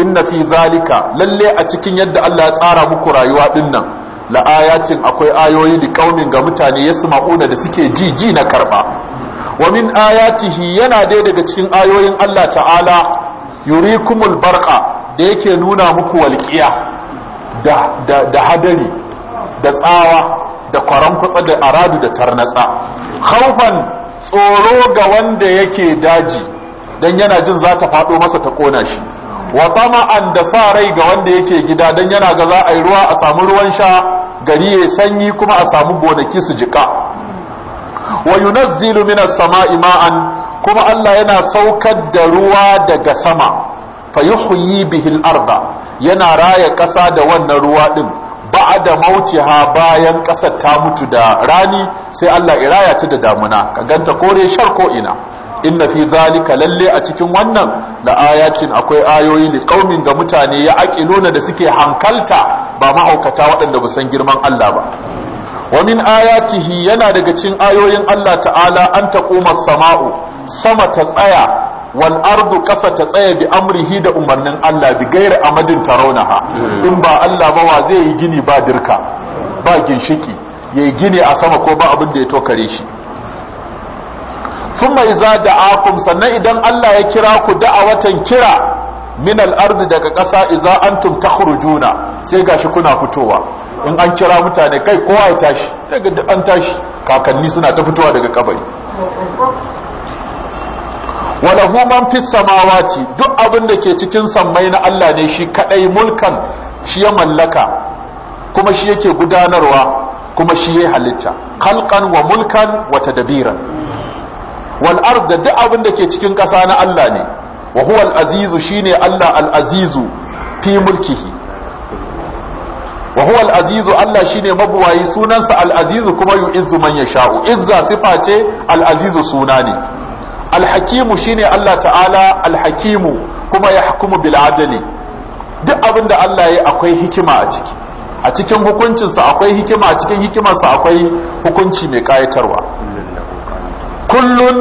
inna fi zalika lalle a cikin yadda Allah ya tsara muku rayuwa dinnan la ayatin akwai ayoyi da kaumin ga mutane yasma'una da suke jiji na karba wa min ayatihi yana dai daga cikin ayoyin Allah ta'ala yurikumul barqa da yake nuna muku walƙiya da hadari da tsawa da kwaran kutsa da aradu da tarnatsa khaufan tsoro ga wanda yake daji dan yana jin za ta fado masa ta kona shi wa ma'an da sa rai ga wanda yake gida dan yana ga za a yi ruwa a samu ruwan sha gari ya sanyi kuma a samu gonaki su jika wa yunazzilu minas sama'i ma'an kuma Allah yana saukar da ruwa daga sama fayuhuyi bihil arda yana raya ƙasa da wannan ruwa din mauci ha bayan ƙasar ta mutu da rani sai Allah ya raya ta da damuna ka ganta kore shar ko ina inna fi zalika lalle a cikin wannan da ayatin akwai ayoyi li kaumin ga mutane ya aqiluna da suke hankalta ba mahaukata waɗanda ba san girman Allah ba wa min ayatihi yana daga cikin ayoyin Allah ta'ala an taquma sama'u sama ta tsaya wal ardu kasa ta tsaya bi amrihi da umarnin Allah bi gairi amadin tarawnaha hmm. in ba Allah ba wa zai yi gini ba dirka ba ginshiki yayi gini a sama ko ba abin da ya tokare shi kuma iza akum sannan idan Allah ya kira ku da'awatan kira min al-ard daga ƙasa iza antum takhrujuna sai gashi kuna fitowa in an kira mutane kai kowa ya tashi daga an tashi kakanni suna ta fitowa daga kabari wa lahu man fis samawati duk abin da ke cikin sammai na Allah ne shi kadai mulkan shi ya mallaka kuma shi yake gudanarwa kuma shi ya halitta khalqan wa mulkan wa tadbiran wal ard da duk abin da ke cikin ƙasa na Allah ne wa huwa al azizu shine Allah al azizu fi mulkihi wa huwa al-azizu Allah shine mabuwayi sunansa al-azizu kuma yu'izzu man yasha'u izza sifa ce al-azizu suna ne alhakimu shine Allah ta'ala alhakimu kuma ya hukumu bil adali duk abin da Allah ya akwai hikima a ciki a cikin hukuncinsa akwai hikima a cikin hikimarsa akwai hukunci mai kayatarwa kullun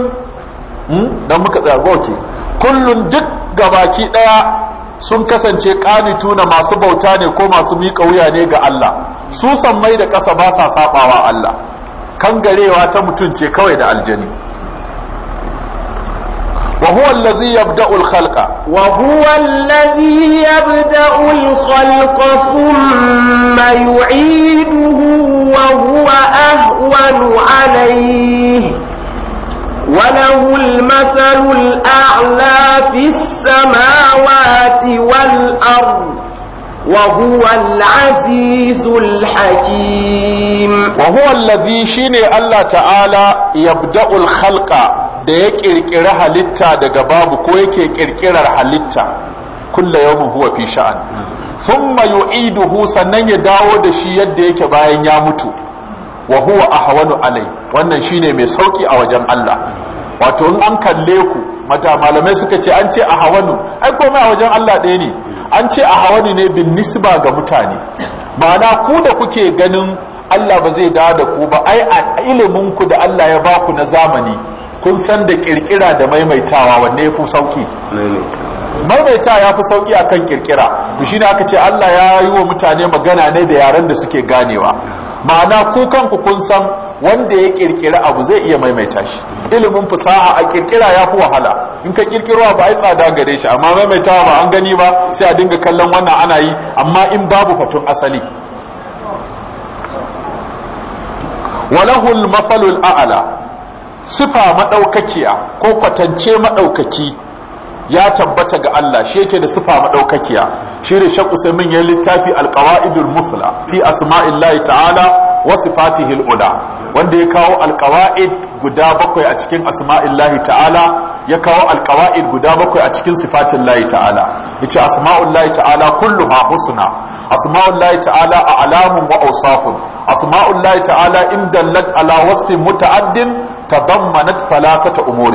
hmm? dan muka tsaya kullun duk gabaki daya sun kasance kanitu na masu bauta ne ko masu miƙa wuya ne ga Allah su mai da ƙasa ba sa sabawa Allah kangarewa ta mutunce kawai da aljani وهو الذي يبدأ الخلق وهو الذي يبدأ الخلق ثم يعيده وهو أهون عليه وله المثل الأعلى في السماوات والأرض وهو العزيز الحكيم وهو الذي شيني الله تعالى يبدأ الخلق da ya kirkiri halitta daga babu ko yake kirkirar halitta kulla yawmin huwa fi sha'an thumma yu'iduhu sannan ya dawo da shi yadda yake bayan ya mutu wa huwa ahwanu alai wannan shine mai sauki a wajen Allah wato in an kalle ku mata malamai suka ce an ce ahwanu ai komai a wajen Allah ɗaya ne an ce ahwanu ne bin nisba ga mutane ma'ana ku da kuke ganin Allah ba zai dawo da ku ba ai a ilimin ku da Allah ya baku na zamani kun san da kirkira da maimaitawa wanne ya fi sauki maimaita ya fi sauki kan kirkira shi ne aka ce Allah ya yi wa mutane magana ne da yaren da suke ganewa ma'ana ku kun san wanda ya kirkira abu zai iya maimaita shi ilimin fasaha a kirkira ya fi wahala in ka kirkiro ba ai tsada gare shi amma maimaitawa ba an gani ba sai a dinga kallon wannan ana yi amma in babu fatun asali walahul mafalul a'ala sifa madaukakiya ko kwatance maɗaukaki ya tabbata ga Allah shi yake da sifa maɗaukakiya. shi da shakku sai min yayin littafi alqawaidul musla fi asma'illahi ta'ala wa sifatihi alula wanda ya kawo alqawaid guda bakwai a cikin asma'illahi ta'ala ya kawo alqawaid guda bakwai a cikin sifatillahi ta'ala yace asma'ullahi ta'ala ma husna asma'ullahi ta'ala a alamun wa awsafun asma'ullahi ta'ala in dallat ala wasfin muta'addin تضمنت ثلاثة أمور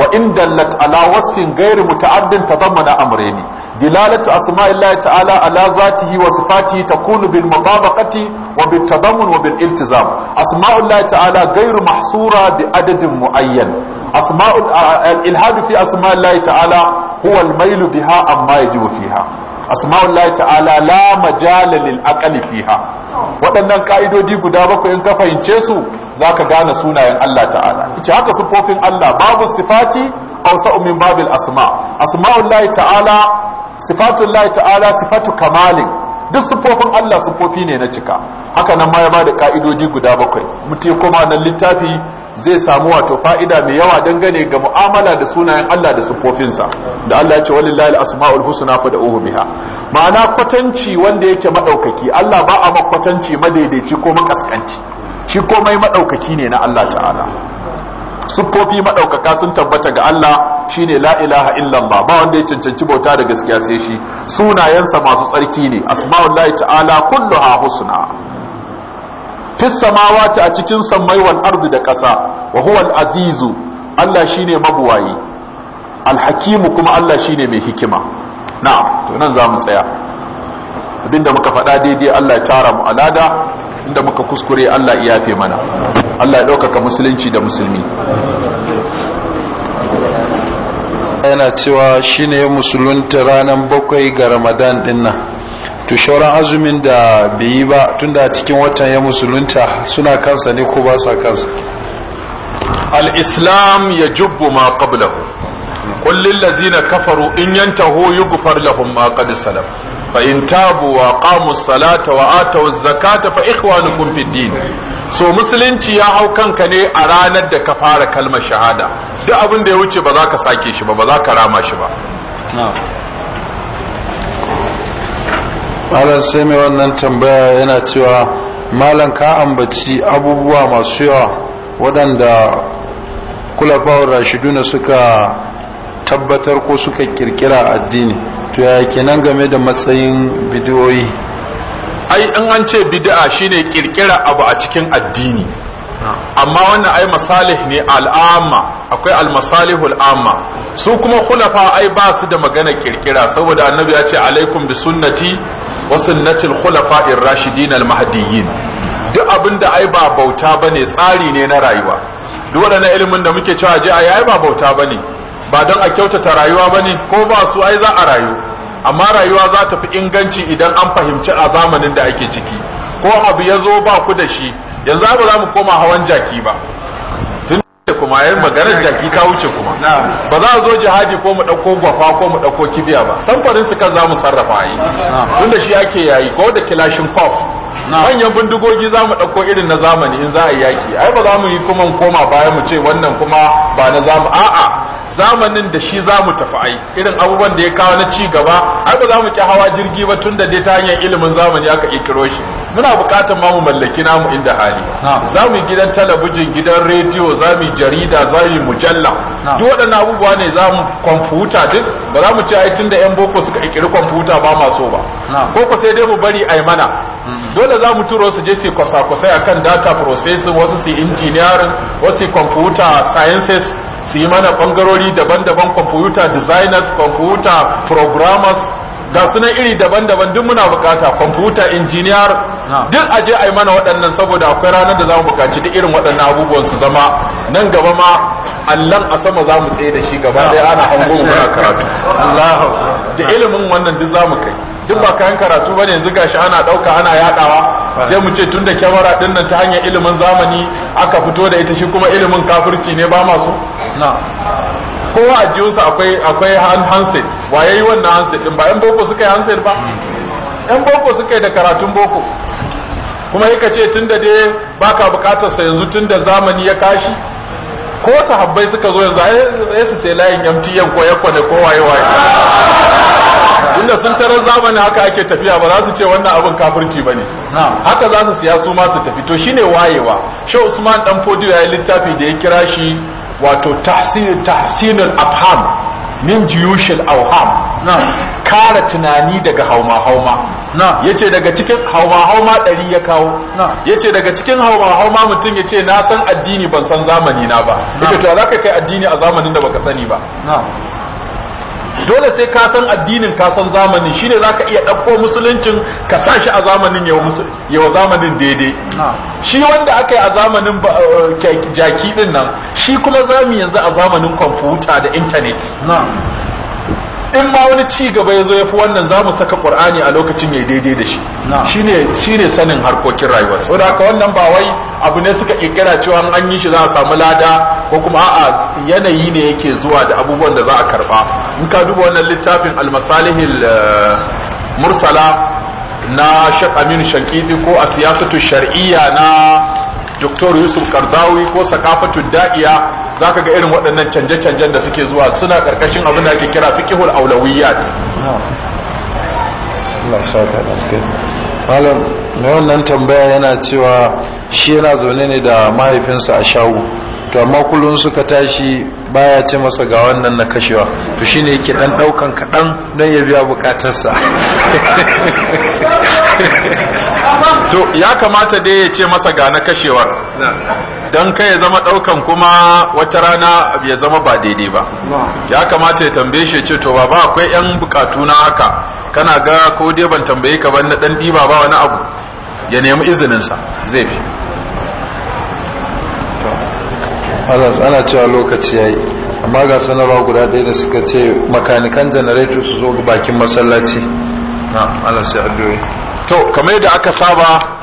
وإن دلت على وصف غير متعد تضمن أمرين دلالة أسماء الله تعالى على ذاته وصفاته تكون بالمطابقة وبالتضمن وبالالتزام أسماء الله تعالى غير محصورة بعدد معين أسماء الإلهاد في أسماء الله تعالى هو الميل بها أما يجب فيها asma'ullahi ta'ala la majala lil aqli fiha waɗannan ka'idodi guda bakwai in ka fahimce su zaka gane sunayen Allah ta'ala ita haka sifofin Allah babu sifati sa'u min babil asma asma'ullahi ta'ala sifatullahi ta'ala sifatu kamalin duk sifofin Allah sifofi ne na cika haka nan ma ya bada ka'idodi guda bakwai mutum kuma nan littafi zai samu wato fa'ida mai yawa dangane ga mu'amala da sunayen Allah da siffofinsa da Allah ya ce walillahi al-asma'ul husna uhu biha ma'ana kwatanci wanda yake maɗaukaki, Allah ba a makwatanci madaidaici ko makaskanci shi komai maɗaukaki ne na Allah ta'ala siffofi madaukaka sun tabbata ga Allah shine la ilaha illallah ba wanda ya cancanci bauta da gaskiya sai shi sunayensa masu tsarki ne asma'ullahi ta'ala kulluha husna fi samawati a cikin sammai wal ardi da ƙasa wa huwa al azizu Allah shine mabuwayi al kuma Allah shine mai hikima na'am to nan za mu tsaya abinda muka faɗa daidai Allah ya tara mu alada inda muka kuskure Allah ya yafe mana Allah ya ɗaukaka musulunci da musulmi yana cewa shine musulunta ranar bakwai ga ramadan nan. to shauran azumin da bai yi ba tunda cikin watan ya musulunta suna kansa ne ko ba sa kansa al-islam ya jubbu ma qablahu kullum lil kafaru in yantahu yughfar lahum ma qad salam fa in tabu wa qamu salata wa atu zakata fa ikhwanukum fid din so musulunci ya hau kanka ne a ranar da ka fara kalmar shahada duk abin da ya wuce ba za ka sake shi ba ba za ka rama shi ba malam sai mai wannan tambaya yana cewa malam ka ambaci abubuwa masu yawa waɗanda kulafawar rashiduna suka tabbatar ko suka kirkira addini to ya kenan game da matsayin bidiyoyi ai in an ce bid'a shine kirkira abu a cikin addini amma wannan ai masalih ne al'amma akwai almasalihul amma su kuma khulafa ai ba su da magana kirkira saboda annabi ya ce alaikum bi sunnati wa sunnatul khulafa'ir rashidin al-mahdiyyin duk abinda ai ba bauta bane tsari ne na rayuwa duk wadannan ilimin da muke cewa je ai ba bauta bane ba don a kyautata rayuwa bane ko ba su ai za a rayu amma rayuwa za ta fi inganci idan an fahimci a zamanin da ake ciki ko abu ya zo ba ku da shi yanzu ba za mu koma hawan jaki ba kuma yayin maganar jaki ta wuce kuma ba za a zo jihadi ko mu ɗauko gwafa ko mu ɗauko kibiya ba samfarin su kan za mu sarrafa yi tunda shi ake yayi ko da kilashin kof manyan bindigogi za mu ɗauko irin na zamani in za a yi yaki ai ba za mu yi kuma koma baya mu ce wannan kuma ba na zamu a'a zamanin da shi za mu tafi ai irin abubuwan da ya kawo na ci gaba ai ba za mu ki hawa jirgi ba tun da dai ta hanyar ilimin zamani aka ƙirƙiro shi muna buƙatar ma mu mallaki namu inda hali za mu yi gidan talabijin gidan rediyo za mu yi jarida za mu yi mujalla duk waɗannan abubuwa ne za mu kwamfuta duk ba za mu ce ai tun da 'yan boko suka ƙirƙiri kwamfuta ba ma ba ko ku sai dai mu bari ai mana mm-hmm. dole za mu turo su je su kwasa-kwasai a kan data processing wasu su engineering wasu computer sciences su yi mana bangarori daban-daban computer designers computer programmers ga suna iri daban-daban duk muna bukata computer engineer duk aje a yi mana waɗannan saboda akwai ranar da za mu bukaci duk irin waɗannan abubuwan su zama nan gaba ma allan a sama za mu tsaye da shi gaba ɗaya ana hango mu karatu da ilimin wannan duk za mu kai duk ba kayan karatu bane yanzu gashi ana dauka ana yadawa sai mu ce tunda kyamara din nan ta hanyar ilimin zamani aka fito da ita shi kuma ilimin kafirci ne ba masu na kowa a jiyunsa akwai akwai handset waye yi wannan handset din ba yan boko suka yi handset ba yan boko suka yi da karatun boko kuma yaka ce tunda dai baka bukatar sa yanzu tunda zamani ya kashi ko sahabbai suka zo yanzu ai su sai layin MTN ko yakwa da waye waye sun tarar zamani haka ake tafiya ba za su ce wannan abin kafirci ba ne haka za su siya su ma su tafi to shi ne wayewa shi usman dan fodiyo ya yi littafi da ya kira shi wato tahsinul afham min jiyushil awham kara tunani daga hauma-hauma ya ce daga cikin hauma-hauma ɗari ya kawo ya ce daga cikin hauma-hauma mutum ya ce na san addini ban san zamani na ba ya ce to za ka kai addini a zamanin da baka sani ba dole sai ka san addinin ka san zamanin shine zaka iya ɗauko musuluncin ka sa shi a zamanin yau zamanin daidai shi wanda aka yi a zamanin eh, jaki din nan shi kuma zamu yanzu a zamanin kwamfuta da intanet in ma wani ci gaba ya zo ya fi wannan za mu saka ƙur'ani a lokacin mai daidai da shi shi ne sanin harkokin rayuwa sau da haka wannan ba wai abu ne suka ƙirƙira cewa an yi shi za a samu lada ko kuma a'a yanayi ne yake zuwa da abubuwan da za a karɓa in ka duba wannan littafin almasalihil eh, mursala na shakamin shankiti ko a siyasatu shar'iyya na doktor yusuf kardawi ko sakafatun da'iya za ka ga irin waɗannan canje-canjen da suke zuwa suna ƙarƙashin abin da ake kira fikihul aulawiyyat malam mai wannan tambaya yana cewa shi yana zaune ne da mahaifinsa a shawu to amma kullum suka tashi baya ce masa ga wannan na kashewa to shine yake dan daukan kadan dan ya biya bukatarsa to ya kamata dai ya ce masa ga na kashewa dan kai ya zama daukan kuma wata rana ya zama ba daidai ba ya kamata ya tambaye shi ya ce to baba akwai yan bukatu na haka kana ga ko dai ban tambaye ka ban na dan diba ba wani abu ya nemi izininsa zai fi halas ana cewa lokaci ya yi amma ga sanarwa guda ɗaya da suka ce makanikan janareto su zo bakin masallaci na halas ya addu'o'i to kamar yadda aka saba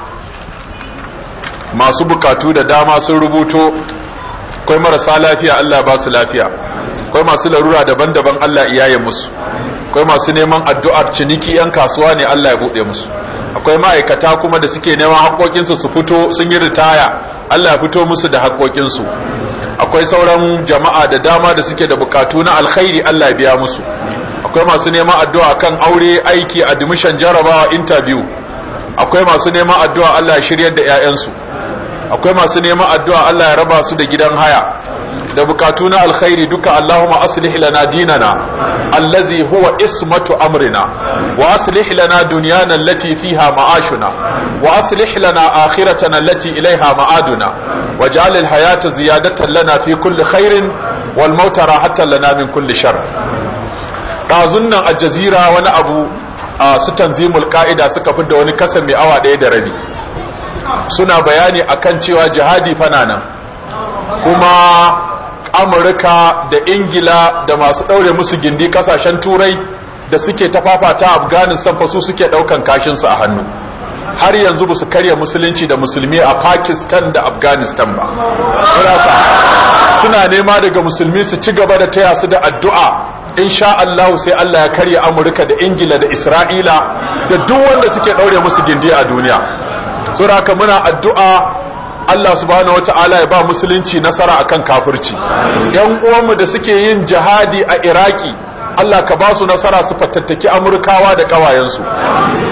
masu bukatu da dama sun rubuto kwai marasa lafiya allah ba su lafiya akwai masu larura daban-daban Allah yi musu akwai masu neman addu'ar ciniki yan kasuwa ne Allah ya buɗe musu akwai ma'aikata kuma da suke neman haƙoƙinsu su fito sun yi ritaya Allah ya fito musu da haƙoƙinsu akwai sauran jama'a da dama da suke da bukatu na alkhairi Allah ya biya musu akwai masu neman addu'a kan aure aiki admission jarabawa interview akwai masu neman addu'a Allah ya shiryar da 'ya'yansu akwai masu neman addu'a Allah ya raba su da gidan haya da bukatu na alkhairi duka Allahumma aslih lana dinana allazi huwa ismatu amrina wa aslih lana dunyana allati fiha ma'ashuna wa aslih lana akhiratana allati ilaiha ma'aduna waj'al alhayata ziyadatan lana fi kulli khairin wal mauta rahatan lana min kulli shar dazun nan a jazira wani abu su tanzimul qa'ida suka fidda wani kasan mai awa daya da rabi suna bayani akan cewa jihadi fana nan kuma amurka da ingila da masu ɗaure musu gindi kasashen turai da suke ta afghanistan fa su suke ɗaukan kashinsu a hannu har yanzu ba su karya musulunci da musulmi a pakistan da afghanistan ba suna nema daga musulmi su ci gaba da taya su da addu'a in sha Allah sai Allah ya karya amurka da ingila da isra'ila da duk wanda suke ɗaure musu gindi a duniya saboda haka muna addu'a Allah subhanahu wataala ya ba musulunci nasara akan kafirci yan uwanmu da suke yin jihadi a iraki Allah ka ba su nasara su fatattaki amurkawa da kawayensu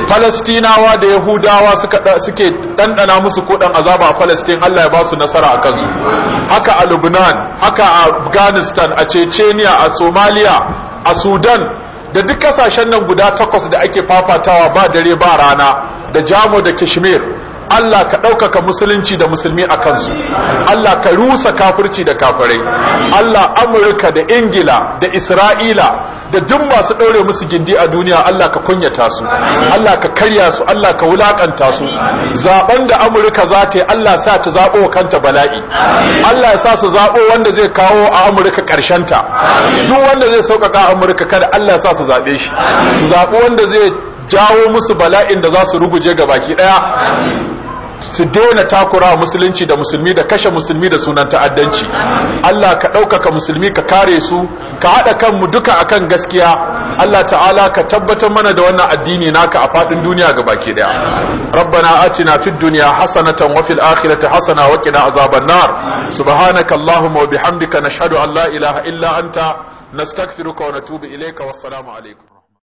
falastinawa da yahudawa suke dandana musu kuɗin azaba a falastin Allah ya ba su nasara a kansu haka a lubnan haka a afghanistan a chechenia a somalia a sudan da duk kasashen nan guda takwas da ake fafatawa ba dare ba rana da jamo da kashmir Allah ka ɗaukaka musulunci da musulmi a kansu Allah ka rusa kafirci da kafirai Allah Amurka da Ingila da Isra'ila da duk masu ɗaure musu gindi a duniya Allah ka kunyata su Allah ka karya su Allah ka wulaƙanta su Zaɓen da Amurka za ta yi Allah sa ta wa kanta bala'i Allah ya sa su zaɓo wanda zai kawo a Amurka ƙarshenta duk wanda zai sauƙaƙa Amurka kada Allah ya sa su zaɓe shi su wanda zai jawo musu bala'in da za su ruguje ga baki daya su daina takura musulunci da musulmi da kashe musulmi da sunan ta'addanci Allah ka ɗaukaka musulmi ka kare su ka haɗa kanmu duka akan gaskiya Allah ta'ala ka tabbatar mana da wannan addini naka a faɗin duniya ga baki ɗaya rabbana atina fid dunya hasanatan wa fil akhirati hasana wa qina azaban nar subhanaka allahumma wa bihamdika nashhadu an la ilaha illa anta nastaghfiruka wa natubu ilayka wassalamu alaikum